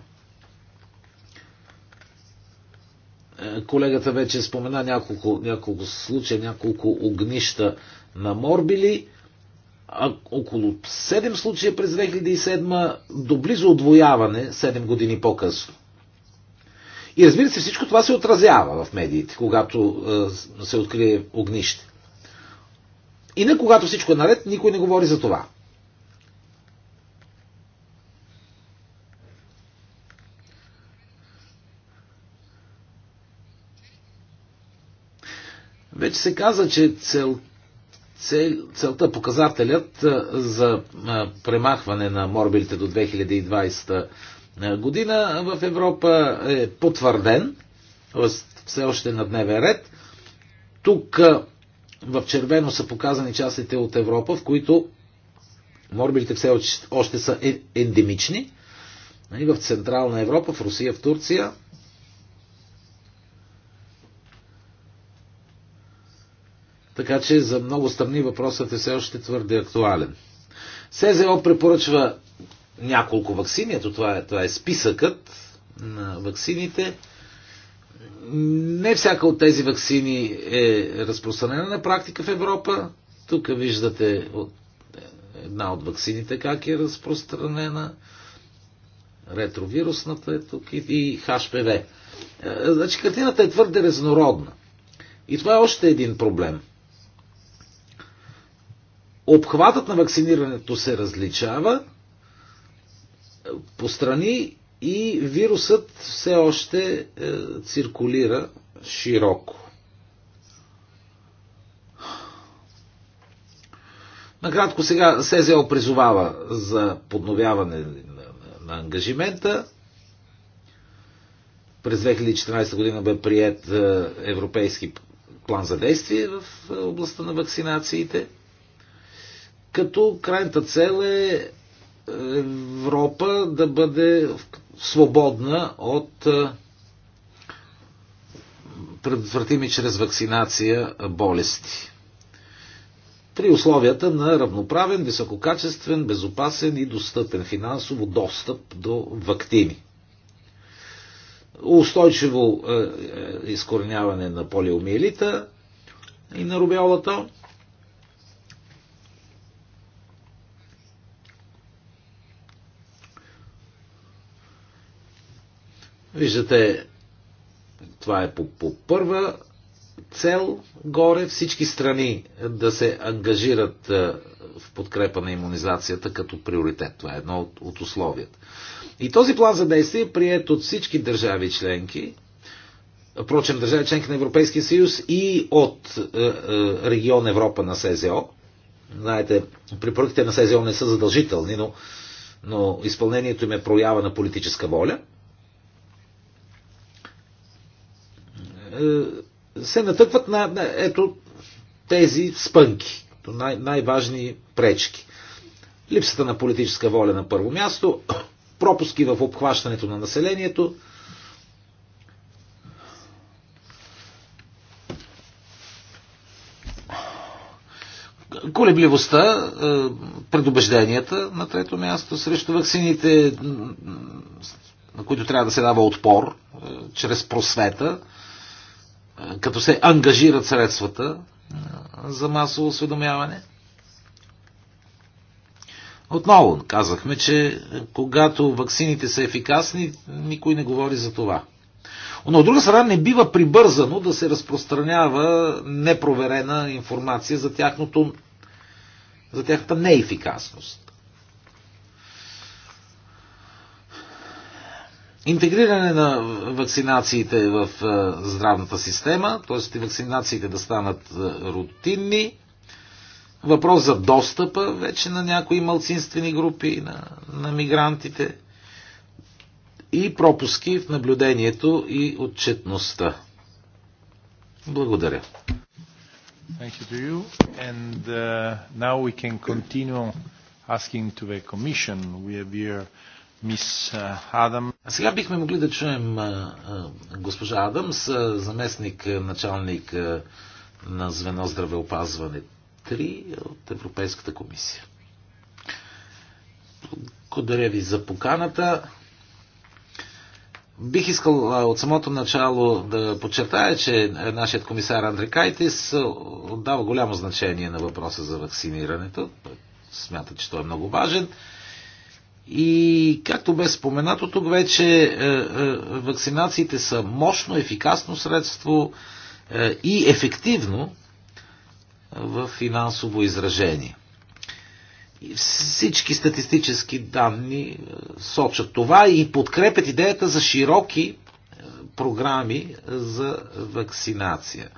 Е, колегата вече спомена няколко, няколко случая, няколко огнища на морбили. А около 7 случая през 2007 до близо отвояване 7 години по-късно. И разбира се, всичко това се отразява в медиите, когато е, се открие огнище. И не когато всичко е наред, никой не говори за това. Вече се каза, че цел, цел, целта, показателят е, за е, премахване на морбилите до 2020 е, година в Европа е потвърден, все още на дневен ред. Тук е, в червено са показани частите от Европа, в които морбилите все още са е-, ендемични. И в Централна Европа, в Русия, в Турция. Така че за много страни въпросът е все още твърде актуален. СЗО препоръчва няколко вакцини, ето това е, това е списъкът на ваксините. Не всяка от тези вакцини е разпространена на практика в Европа. Тук виждате от, една от ваксините как е разпространена. Ретровирусната е тук и, и HPV. Е, значи картината е твърде разнородна. И това е още един проблем. Обхватът на вакцинирането се различава, пострани и вирусът все още е, циркулира широко. Накратко сега СЗО призовава за подновяване на ангажимента. През 2014 година бе прият е, Европейски план за действие в е, областта на вакцинациите, като крайната цел е Европа да бъде свободна от е, предотвратими чрез вакцинация е, болести. При условията на равноправен, висококачествен, безопасен и достъпен финансово достъп до вакцини, Устойчиво е, изкореняване на полиомиелита и на рубеолата – Виждате, това е по, по първа цел горе всички страни да се ангажират е, в подкрепа на иммунизацията като приоритет. Това е едно от, от условията. И този план за действие е прият от всички държави членки, впрочем държави членки на Европейския съюз и от е, е, регион Европа на СЗО. Знаете, препоръките на СЗО не са задължителни, но, но изпълнението им е проява на политическа воля – Е, се натъкват на, ето тези спънки, най- най-важни пречки. Липсата на политическа воля на първо място, пропуски в обхващането на населението, колебливостта, е, предубежденията на трето място срещу вакцините, на които трябва да се дава отпор е, чрез просвета, като се ангажират средствата за масово осведомяване. Отново казахме, че когато ваксините са ефикасни, никой не говори за това. Но от друга страна не бива прибързано да се разпространява непроверена информация за, тяхното, за тяхната неефикасност. Интегриране на вакцинациите в е, здравната система, т.е. вакцинациите да станат е, рутинни. Въпрос за достъпа вече на някои малцинствени групи, на, на мигрантите. И пропуски в наблюдението и отчетността. Благодаря. Thank you to you. And uh, now we can continue asking to the Commission. We have here Ms. Uh, Adam. А сега бихме могли да чуем госпожа Адамс, заместник началник на звено здравеопазване 3 от Европейската комисия. Благодаря ви за поканата. Бих искал от самото начало да подчертая, че нашият комисар Кайтис отдава голямо значение на въпроса за вакцинирането. Смята, че той е много важен. И както бе споменато, тук вече е, е, вакцинациите са мощно, ефикасно средство е, и ефективно в финансово изражение. И всички статистически данни е, сочат това и подкрепят идеята за широки е, програми за вакцинация.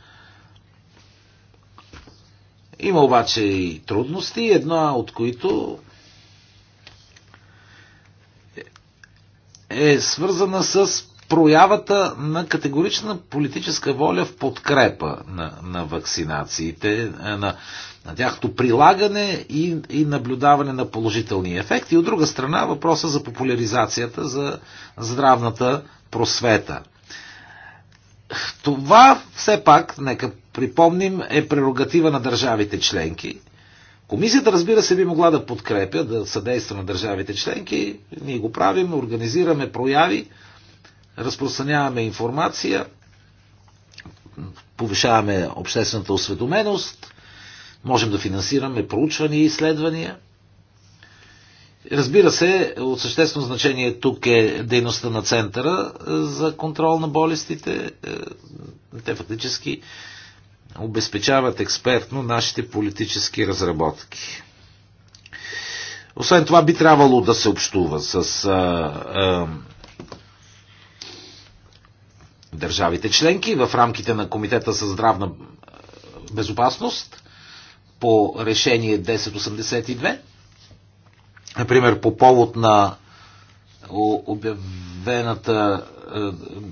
Има обаче и трудности, една от които е свързана с проявата на категорична политическа воля в подкрепа на, на вакцинациите, е, на, на тяхното прилагане и, и наблюдаване на положителни ефекти. От друга страна въпроса за популяризацията, за здравната просвета. Това все пак, нека припомним, е прерогатива на държавите членки Комисията, разбира се, би могла да подкрепя, да съдейства на държавите членки. Ние го правим, организираме прояви, разпространяваме информация, повишаваме обществената осведоменост, можем да финансираме проучвания и изследвания. Разбира се, от съществено значение тук е дейността на Центъра е, за контрол на болестите. Е, те фактически обезпечават експертно нашите политически разработки. Освен това би трябвало да се общува с а, а, държавите членки в рамките на Комитета за здравна безопасност по решение 1082. Например, по повод на обявената е, е,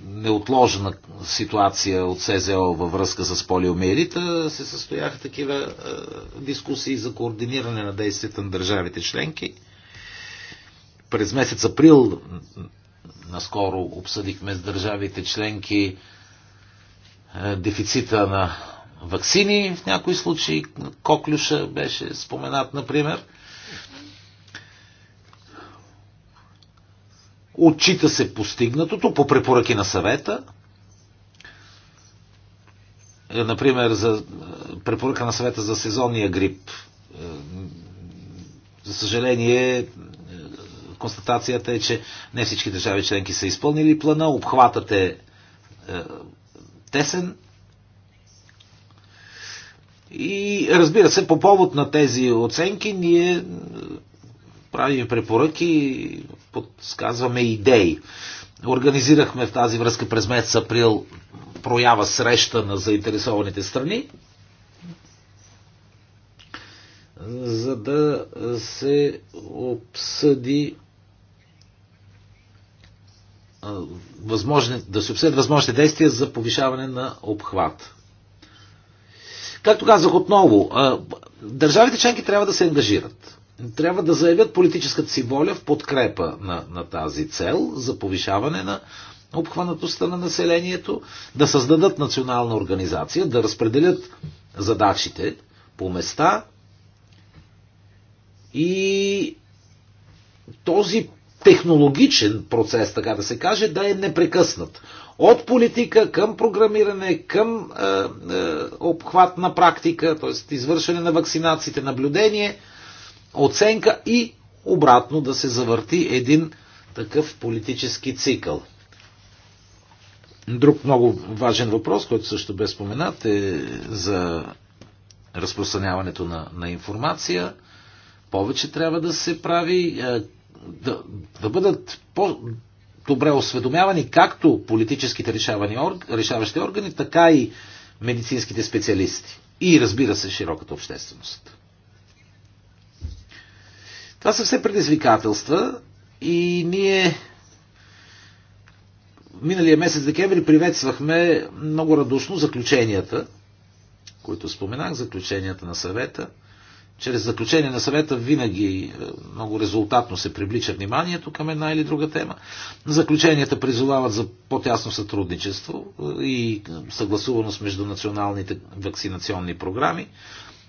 неотложна ситуация от СЗО във връзка с полиомиелита се състояха такива е, дискусии за координиране на действията на държавите членки. През месец април наскоро обсъдихме с държавите членки дефицита на вакцини в някои случаи. Коклюша беше споменат, например – Отчита се постигнатото по препоръки на съвета. Е, например, за е, препоръка на съвета за сезонния грип. Е, за съжаление, констатацията е, че не всички държави членки са изпълнили плана, обхватът е, тесен. И разбира се, по повод на тези оценки ние правиме препоръки, подсказваме идеи. Организирахме в тази връзка през месец април проява среща на заинтересованите страни, за да се обсъди възможни, да се обсъдят възможните действия за повишаване на обхват. Както казах отново, държавите членки трябва да се ангажират трябва да заявят политическата си воля в подкрепа на, на тази цел за повишаване на обхванатостта на населението, да създадат национална организация, да разпределят задачите по места и този технологичен процес, така да се каже, да е непрекъснат. От политика към програмиране, към е, е, обхват на практика, т.е. извършване на вакцинациите, наблюдение – оценка и обратно да се завърти един такъв политически цикъл. Друг много важен въпрос, който също бе споменат, е за разпространяването на, на информация. Повече трябва да се прави, е, да, да бъдат по, добре осведомявани както политическите решавани, решаващи органи, така и медицинските специалисти. И разбира се, широката общественост. Това са все предизвикателства и ние миналия месец декември приветствахме много радушно заключенията, които споменах, заключенията на съвета. Чрез заключение на съвета винаги е, много резултатно се привлича вниманието към една или друга тема. Заключенията призовават за по-тясно сътрудничество е, и съгласуваност между националните вакцинационни програми.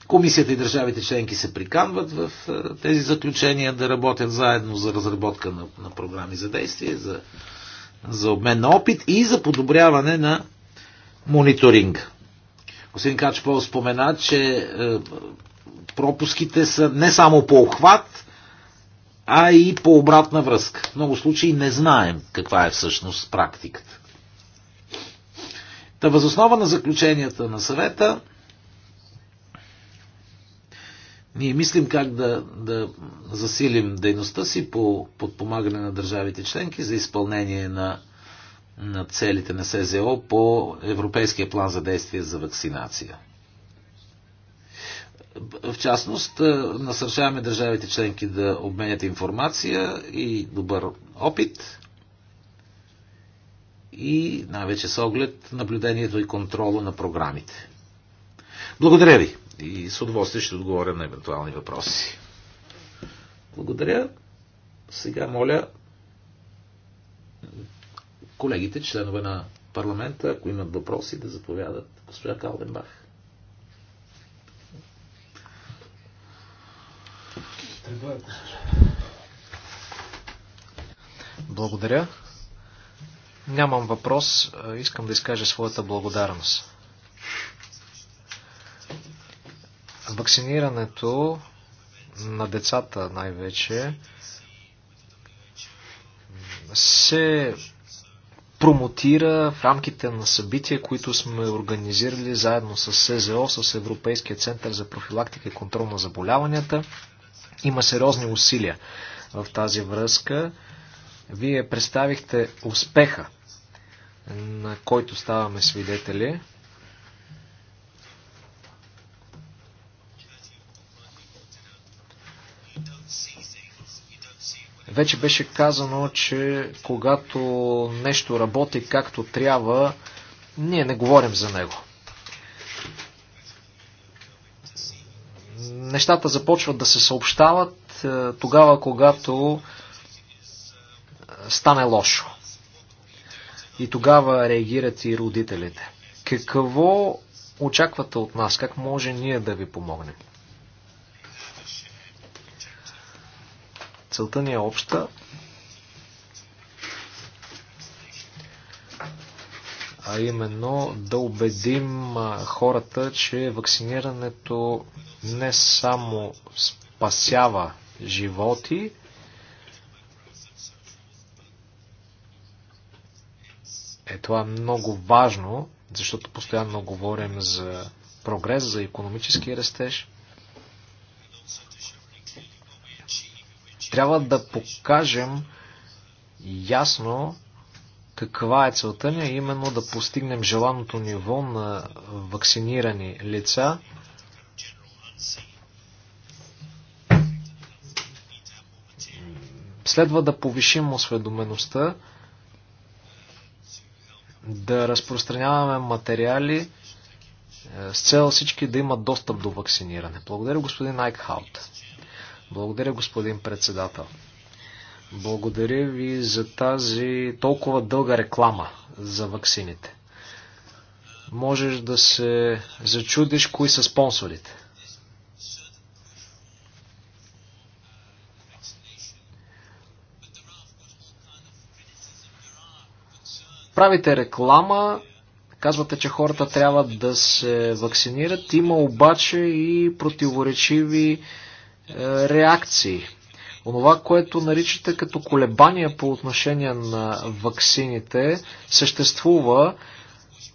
Комисията и държавите членки се приканват в е, тези заключения да работят заедно за разработка на, на програми за действие, за, за обмен на опит и за подобряване на мониторинга. Господин Качпол спомена, че е, пропуските са не само по охват, а и по обратна връзка. В много случаи не знаем каква е всъщност практиката. Та възоснова на заключенията на съвета ние мислим как да, да засилим дейността си по подпомагане на държавите членки за изпълнение на, на целите на СЗО по Европейския план за действие за вакцинация. В частност, насърчаваме държавите членки да обменят информация и добър опит и най-вече с оглед наблюдението и контрола на програмите. Благодаря ви! и с удоволствие ще отговоря на евентуални въпроси. Благодаря. Сега моля колегите, членове на парламента, ако имат въпроси, да заповядат. Госпожа Калденбах. Благодаря. Нямам въпрос. Искам да изкажа своята благодарност. Вакцинирането на децата най-вече се промотира в рамките на събития, които сме организирали заедно с СЗО, с Европейския център за профилактика и контрол на заболяванията. Има сериозни усилия в тази връзка. Вие представихте успеха, на който ставаме свидетели. Вече беше казано, че когато нещо работи както трябва, ние не говорим за него. Нещата започват да се съобщават е, тогава, когато е, стане лошо. И тогава реагират и родителите. Какво очаквате от нас? Как може ние да ви помогнем? целта ни е обща. А именно да убедим хората, че вакцинирането не само спасява животи, е това е много важно, защото постоянно говорим за прогрес, за економически растеж. Трябва да покажем ясно каква е целта ни, именно да постигнем желаното ниво на вакцинирани лица. Следва да повишим осведомеността, да разпространяваме материали е, с цел всички да имат достъп до вакциниране. Благодаря господин Айкхаут. Благодаря, господин председател. Благодаря ви за тази толкова дълга реклама за ваксините. Можеш да се зачудиш кои са спонсорите. Правите реклама, казвате, че хората трябва да се вакцинират. Има обаче и противоречиви е, реакции. Онова, което наричате като колебания по отношение на ваксините, съществува.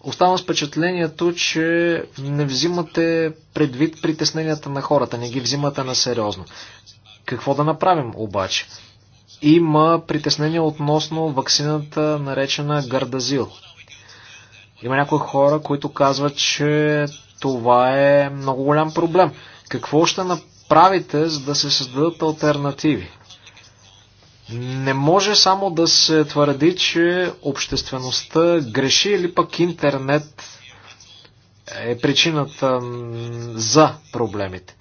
Оставам с впечатлението, че не взимате предвид притесненията на хората, не ги взимате на сериозно. Какво да направим обаче? Има притеснения относно ваксината, наречена Гардазил. Има някои хора, които казват, че това е много голям проблем. Какво ще направим? правите, за да се създадат альтернативи. Не може само да се твърди, че обществеността греши или пък интернет е причината за проблемите.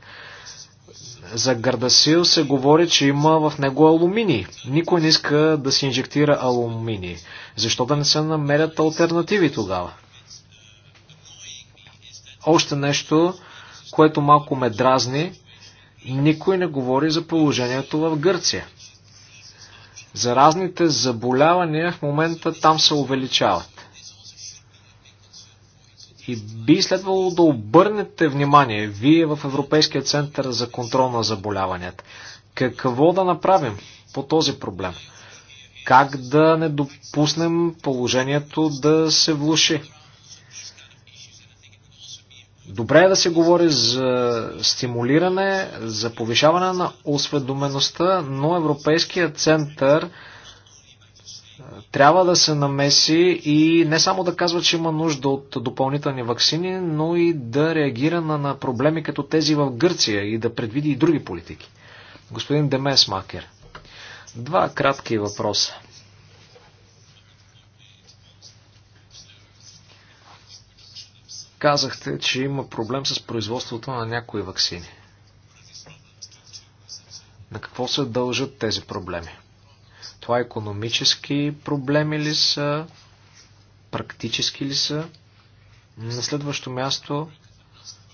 За Гардасил се говори, че има в него алуминий. Никой не иска да се инжектира алуминий. Защо да не се намерят альтернативи тогава? Още нещо, което малко ме дразни, никой не говори за положението в Гърция. Заразните заболявания в момента там се увеличават. И би следвало да обърнете внимание, вие в Европейския център за контрол на заболяванията, какво да направим по този проблем? Как да не допуснем положението да се влуши? Добре е да се говори за стимулиране, за повишаване на осведомеността, но Европейският център трябва да се намеси и не само да казва, че има нужда от допълнителни вакцини, но и да реагира на, на проблеми като тези в Гърция и да предвиди и други политики. Господин Демес Макер, два кратки въпроса. Казахте, че има проблем с производството на някои вакцини. На какво се дължат тези проблеми? Това економически проблеми ли са? Практически ли са? На следващо място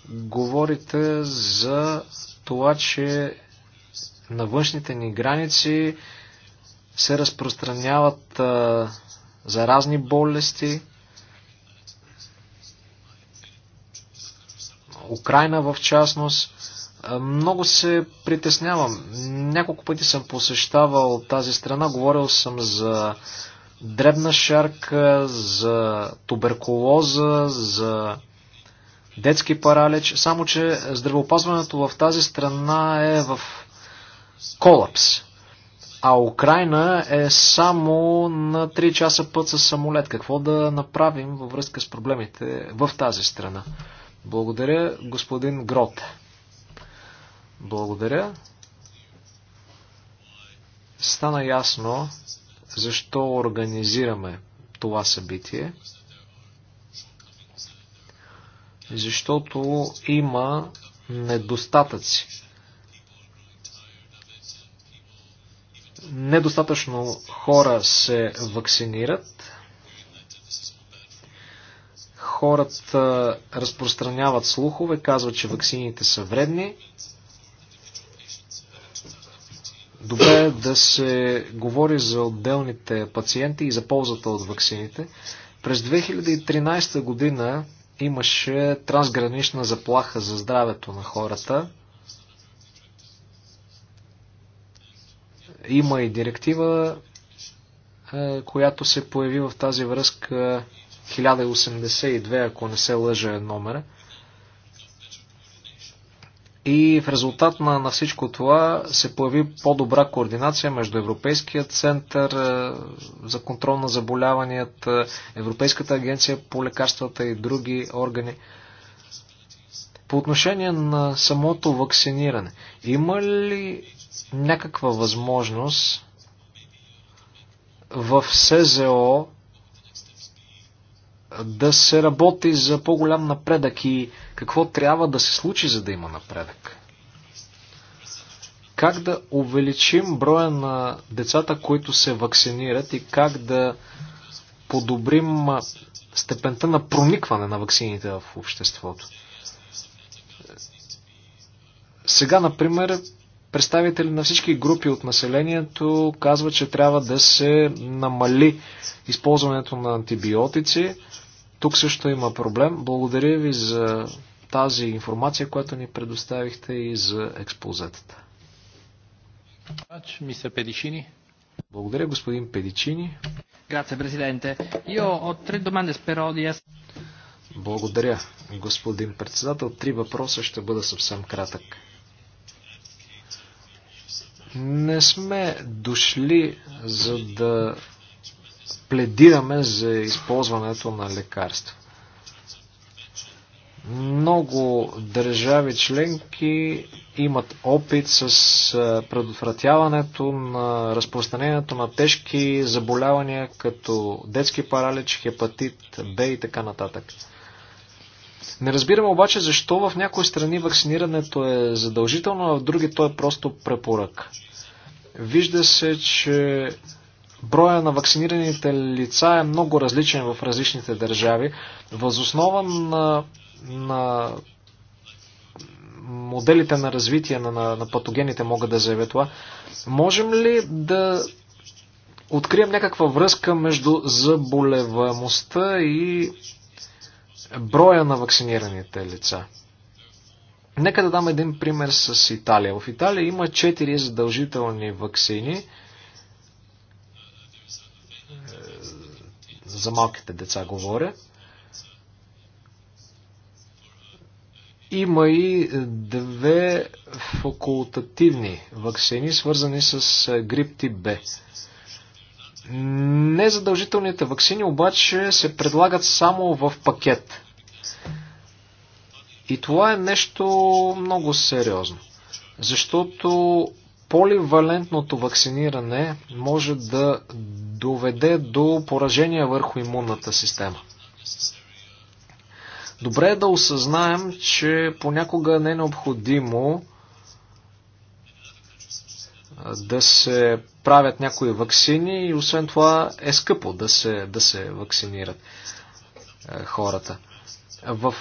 говорите за това, че на външните ни граници се разпространяват а, заразни болести. Украина в частност. Много се притеснявам. Няколко пъти съм посещавал тази страна, говорил съм за дребна шарка, за туберкулоза, за детски паралич, само че здравеопазването в тази страна е в колапс. А Украина е само на 3 часа път с самолет. Какво да направим във връзка с проблемите в тази страна? Благодаря, господин Гроте. Благодаря. Стана ясно защо организираме това събитие. Защото има недостатъци. Недостатъчно хора се вакцинират хората разпространяват слухове, казват, че ваксините са вредни. Добре е да се говори за отделните пациенти и за ползата от ваксините. През 2013 година имаше трансгранична заплаха за здравето на хората. Има и директива, е, която се появи в тази връзка 1082, ако не се лъжа е номера. И в резултат на, на всичко това се появи по-добра координация между Европейския център е, за контрол на заболяванията, Европейската агенция по лекарствата и други органи. По отношение на самото вакциниране, има ли някаква възможност в СЗО да се работи за по-голям напредък и какво трябва да се случи, за да има напредък? Как да увеличим броя на децата, които се вакцинират и как да подобрим степента на проникване на вакцините в обществото? Сега, например, представители на всички групи от населението казват, че трябва да се намали използването на антибиотици. Тук също има проблем. Благодаря ви за тази информация, която ни предоставихте и за експозетата. Педичини. Благодаря, господин Педичини. Благодаря, господин председател. Три въпроса ще бъда съвсем кратък. Не сме дошли за да пледираме за използването на лекарства. Много държави членки имат опит с предотвратяването на разпространението на тежки заболявания, като детски паралич, хепатит Б и така нататък. Не разбирам обаче защо в някои страни вакцинирането е задължително, а в други то е просто препоръка. Вижда се, че Броя на вакцинираните лица е много различен в различните държави. Възоснова на, на моделите на развитие на, на, на патогените могат да заявя това. Можем ли да открием някаква връзка между заболеваемостта и броя на вакцинираните лица? Нека да дам един пример с Италия. В Италия има 4 задължителни вакцини – за малките деца говоря. Има и две факултативни вакцини, свързани с грип тип Б. Незадължителните вакцини обаче се предлагат само в пакет. И това е нещо много сериозно. Защото Поливалентното вакциниране може да доведе до поражение върху имунната система. Добре е да осъзнаем, че понякога не е необходимо да се правят някои вакцини и освен това е скъпо да се, да се вакцинират хората. В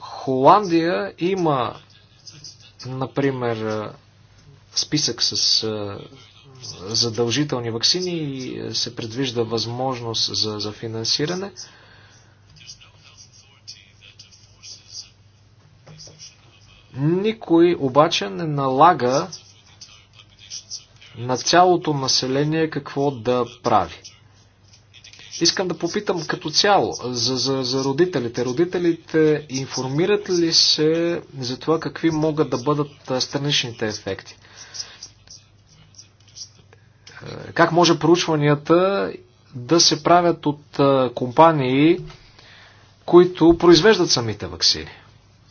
Холандия има Например, списък с задължителни вакцини и е, се предвижда възможност за, за финансиране. Никой обаче не налага на цялото население какво да прави. Искам да попитам като цяло за, за, за родителите. Родителите информират ли се за това какви могат да бъдат страничните ефекти? Е, как може проучванията да се правят от компании, които произвеждат самите вакцини?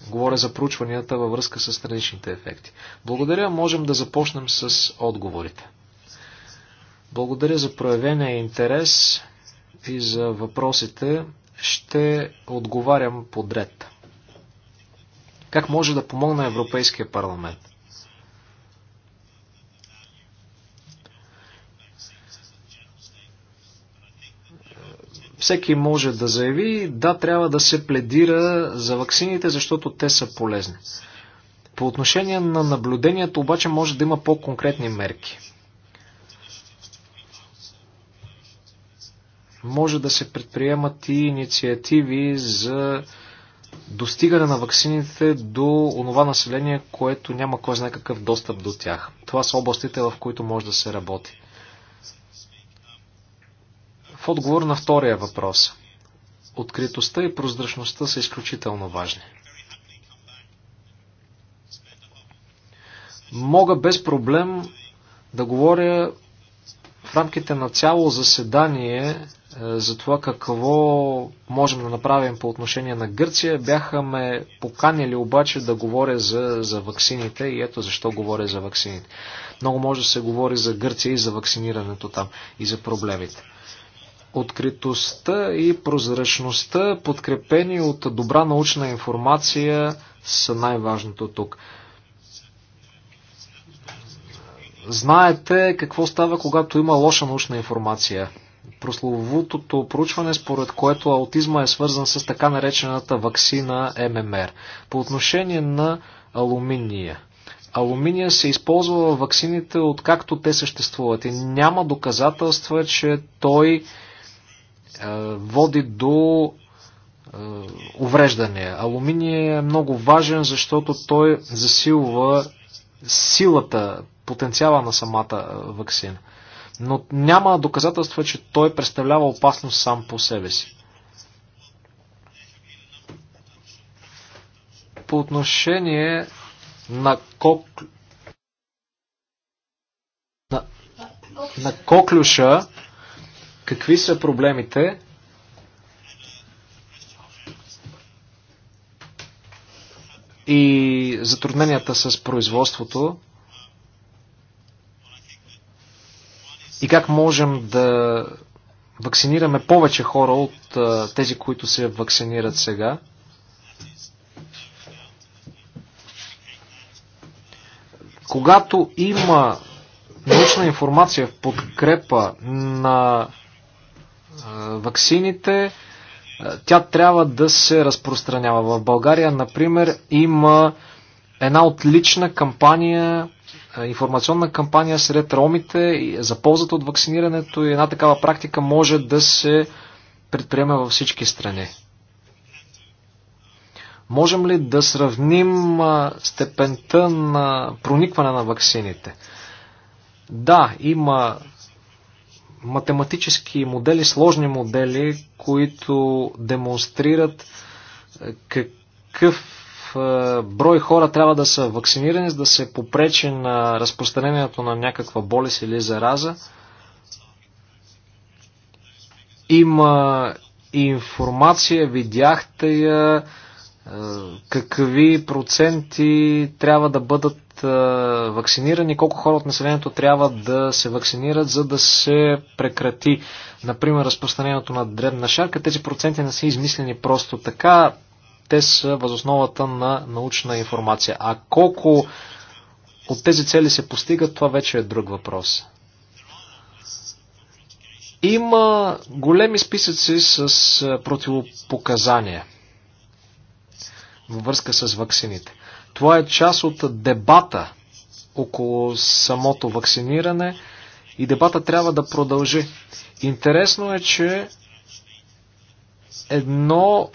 Говоря за проучванията във връзка с страничните ефекти. Благодаря, можем да започнем с отговорите. Благодаря за проявения интерес и за въпросите. Ще отговарям подред. Как може да помогне Европейския парламент? всеки може да заяви, да, трябва да се пледира за ваксините, защото те са полезни. По отношение на наблюдението обаче може да има по-конкретни мерки. Може да се предприемат и инициативи за достигане на ваксините до онова население, което няма кой знае какъв достъп до тях. Това са областите, в които може да се работи. В отговор на втория въпрос. Откритостта и прозрачността са изключително важни. Мога без проблем да говоря в рамките на цяло заседание е, за това какво можем да направим по отношение на Гърция. Бяха ме поканили обаче да говоря за, за ваксините и ето защо говоря за ваксините. Много може да се говори за Гърция и за вакцинирането там и за проблемите. Откритостта и прозрачността, подкрепени от добра научна информация, са най-важното тук знаете какво става, когато има лоша научна информация прословутото проучване, според което аутизма е свързан с така наречената вакцина ММР. По отношение на алуминия. Алуминия се използва в ваксините откакто те съществуват и няма доказателства, че той е, води до е, увреждане. Алуминия е много важен, защото той засилва силата, потенциала на самата е, вакцина но няма доказателства, че той представлява опасност сам по себе си. По отношение на кок... На, на коклюша, какви са проблемите? И затрудненията с производството, и как можем да вакцинираме повече хора от тези, които се вакцинират сега. Когато има научна информация в подкрепа на ваксините, тя трябва да се разпространява. В България, например, има една отлична кампания, информационна кампания сред ромите за ползата от вакцинирането и една такава практика може да се предприеме във всички страни. Можем ли да сравним степента на проникване на ваксините? Да, има математически модели, сложни модели, които демонстрират какъв е, брой хора трябва да са вакцинирани, за да се попречи на разпространението на някаква болест или зараза. Има информация, видяхте я, е, какви проценти трябва да бъдат е, вакцинирани, колко хора от населението трябва да се вакцинират, за да се прекрати, например, разпространението на дребна шарка. Тези проценти не са измислени просто така те са възосновата на научна информация. А колко от тези цели се постигат, това вече е друг въпрос. Има големи списъци с противопоказания във връзка с ваксините. Това е част от дебата около самото вакциниране и дебата трябва да продължи. Интересно е, че едно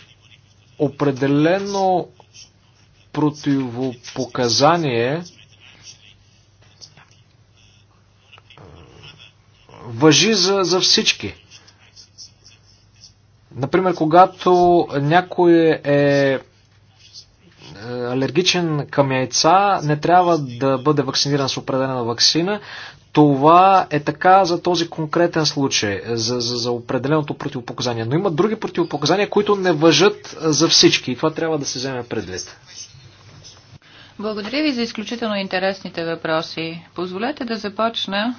определено противопоказание въжи за, за всички. Например, когато някой е, е алергичен към яйца, не трябва да бъде вакциниран с определена вакцина. Това е така за този конкретен случай, за, за, за определеното противопоказание. Но има други противопоказания, които не въжат за всички и това трябва да се вземе предвид. Благодаря ви за изключително интересните въпроси. Позволете да започна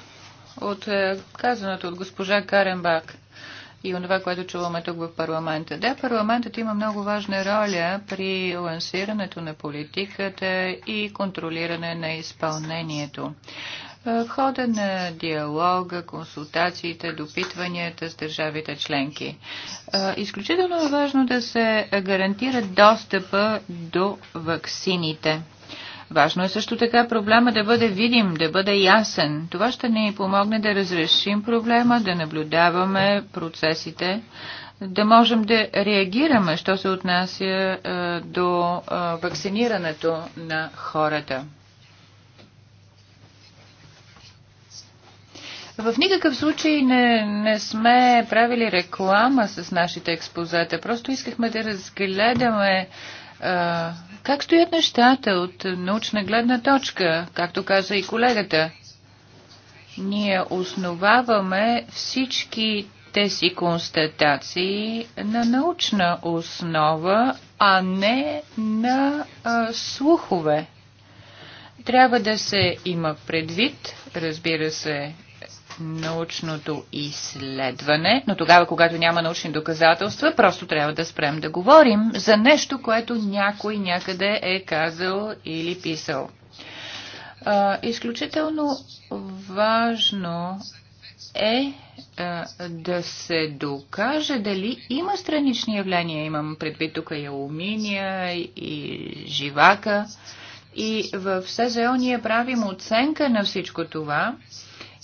от е, казаното от госпожа Каренбак и от това, което чуваме тук в парламента. Да, парламентът има много важна роля при лансирането на политиката и контролиране на изпълнението в е, хода на диалога, консултациите, допитванията с държавите членки. Е, изключително е важно да се гарантира достъпа до ваксините. Важно е също така проблема да бъде видим, да бъде ясен. Това ще ни помогне да разрешим проблема, да наблюдаваме процесите, да можем да реагираме, що се отнася е, до вакцинирането на хората. В никакъв случай не, не сме правили реклама с нашите експозета. Просто искахме да разгледаме а, как стоят нещата от научна гледна точка, както каза и колегата. Ние основаваме всички тези констатации на научна основа, а не на а, слухове. Трябва да се има предвид, разбира се, научното изследване, но тогава, когато няма научни доказателства, просто трябва да спрем да говорим за нещо, което някой някъде е казал или писал. А, изключително важно е а, да се докаже дали има странични явления. Имам предвид тук и алуминия, и живака. И в СЗО ние правим оценка на всичко това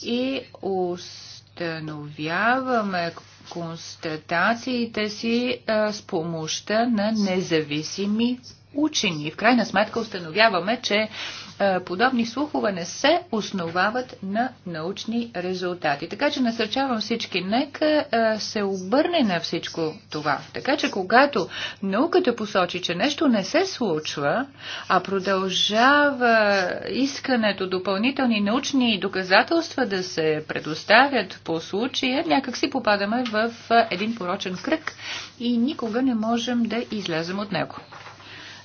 и установяваме констатациите си а, с помощта на независими учени. В крайна сметка установяваме, че е, подобни слухове не се основават на научни резултати. Така че насърчавам всички, нека е, се обърне на всичко това. Така че когато науката посочи, че нещо не се случва, а продължава искането допълнителни научни доказателства да се предоставят по случая, някак си попадаме в е, един порочен кръг и никога не можем да излезем от него.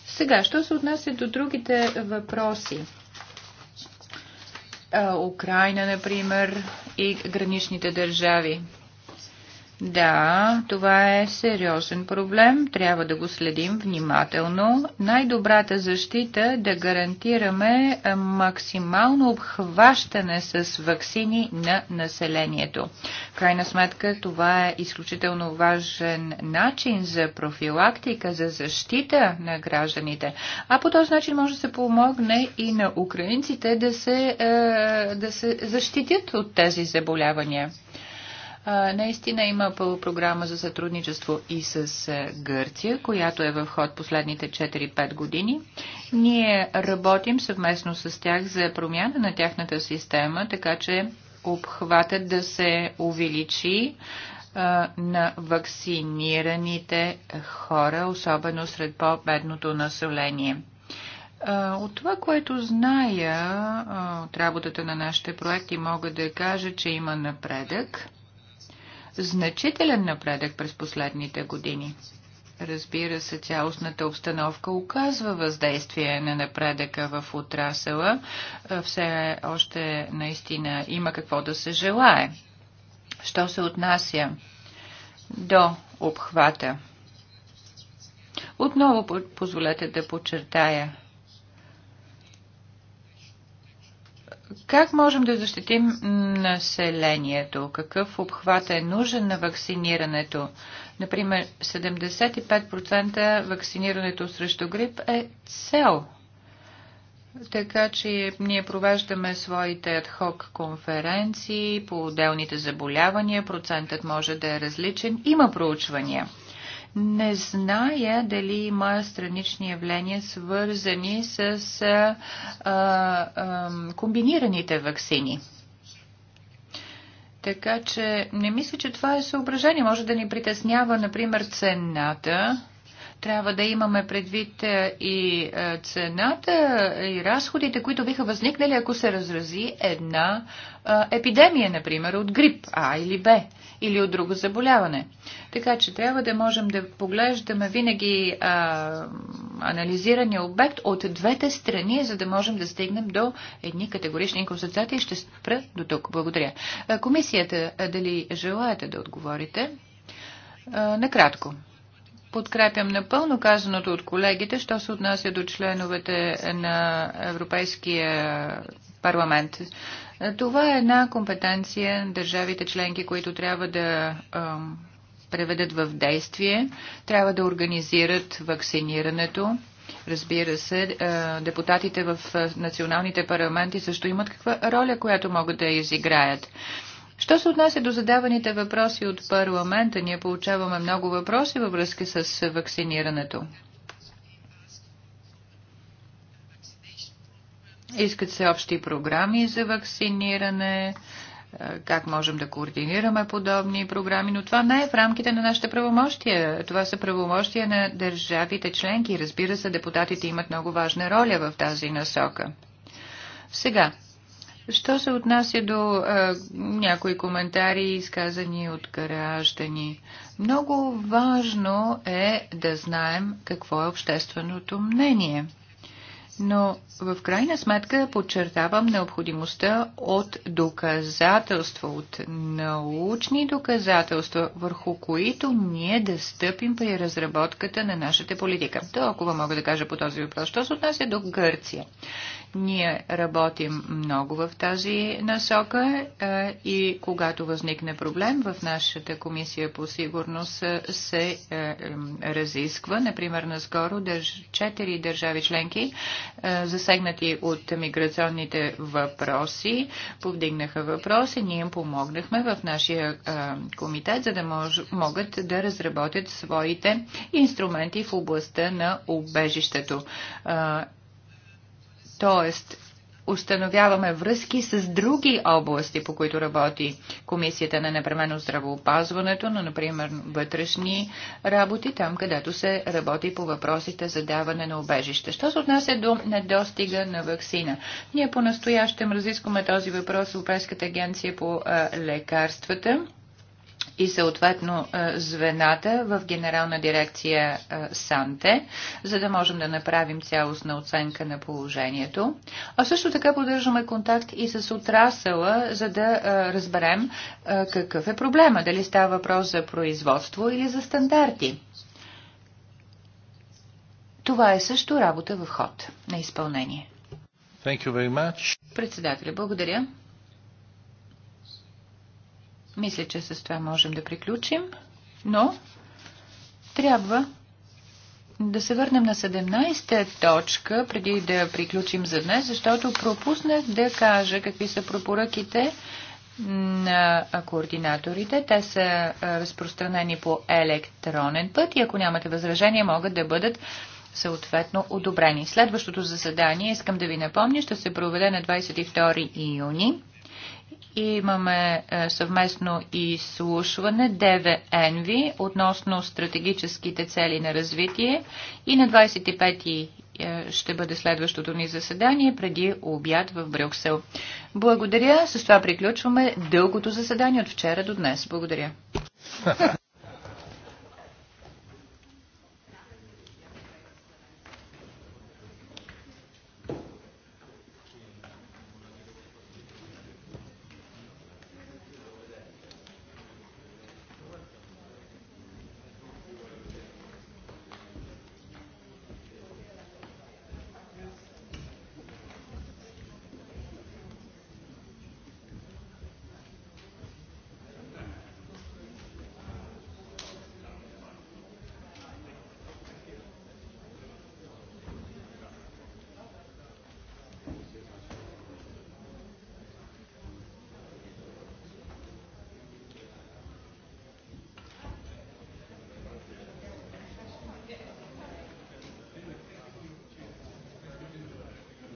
Сега, що се отнася до другите въпроси? Украина, например, и граничните държави. Да, това е сериозен проблем. Трябва да го следим внимателно. Най-добрата защита е да гарантираме максимално обхващане с вакцини на населението. В крайна сметка това е изключително важен начин за профилактика, за защита на гражданите. А по този начин може да се помогне и на украинците да се, е, да се защитят от тези заболявания. Наистина има програма за сътрудничество и с Гърция, която е в ход последните 4-5 години. Ние работим съвместно с тях за промяна на тяхната система, така че обхватът да се увеличи на вакцинираните хора, особено сред по-бедното население. От това, което зная от работата на нашите проекти, мога да кажа, че има напредък значителен напредък през последните години. Разбира се, цялостната обстановка оказва въздействие на напредъка в отрасъла. Все още наистина има какво да се желае. Що се отнася до обхвата? Отново позволете да подчертая, Как можем да защитим населението? Какъв обхват е нужен на вакцинирането? Например, 75% вакцинирането срещу грип е цел. Така че ние провеждаме своите адхок конференции по отделните заболявания. Процентът може да е различен. Има проучвания. Не зная дали има странични явления, свързани с а, а, комбинираните вакцини. Така че не мисля, че това е съображение. Може да ни притеснява, например, цената трябва да имаме предвид е, и е, цената е, и разходите, които биха възникнали, ако се разрази една епидемия, например, от грип А или Б или от друго заболяване. Така че трябва да можем да поглеждаме винаги а, анализирания обект от двете страни, за да можем да стигнем до едни категорични констатации. Ще спра до тук. Благодаря. Комисията, дали желаете да отговорите? А, накратко. Подкрепям напълно казаното от колегите, що се отнася до членовете на Европейския парламент. Това е една компетенция на държавите членки, които трябва да преведат в действие, трябва да организират вакцинирането. Разбира се, депутатите в националните парламенти също имат каква роля, която могат да изиграят. Що се отнася до задаваните въпроси от парламента, ние получаваме много въпроси във връзка с вакцинирането. Искат се общи програми за вакциниране, е, как можем да координираме подобни програми, но това не е в рамките на нашите правомощия. Това са правомощия на държавите членки. Разбира се, депутатите имат много важна роля в тази насока. Сега, Що се отнася до а, някои коментари, изказани от граждани? Много важно е да знаем какво е общественото мнение. Но в крайна сметка подчертавам необходимостта от доказателства, от научни доказателства, върху които ние да стъпим при разработката на нашата политика. Толкова мога да кажа по този въпрос. Що се отнася до Гърция? Ние работим много в тази насока е, и когато възникне проблем в нашата комисия по сигурност е, се е, разисква. Например, наскоро четири държави членки, засегнати от миграционните въпроси, повдигнаха въпроси. Ние им помогнахме в нашия комитет, за да мож, могат да разработят своите инструменти в областта на убежището Тоест, установяваме връзки с други области, по които работи Комисията на непременно здравоопазването, но, например, вътрешни работи, там където се работи по въпросите за даване на обежище. Що се отнася до недостига на вакцина? Ние по-настоящем разискваме този въпрос в Европейската агенция по лекарствата и съответно е, звената в Генерална дирекция е, Санте, за да можем да направим цялостна оценка на положението. А също така поддържаме контакт и с отрасъла, за да е, разберем какъв е проблема. Дали става въпрос за производство или за стандарти. Това е също работа в ход на изпълнение. Thank you very much. Председателя, благодаря. Мисля, че с това можем да приключим, но трябва да се върнем на 17-та точка, преди да приключим за днес, защото пропуснах да кажа какви са пропоръките на координаторите. Те са разпространени по електронен път и ако нямате възражения, могат да бъдат съответно одобрени. Следващото заседание, искам да ви напомня, ще се проведе на 22 июни имаме е, съвместно изслушване ДВНВ относно стратегическите цели на развитие. И на 25 ти е, ще бъде следващото ни заседание преди обяд в Брюксел. Благодаря. С това приключваме дългото заседание от вчера до днес. Благодаря.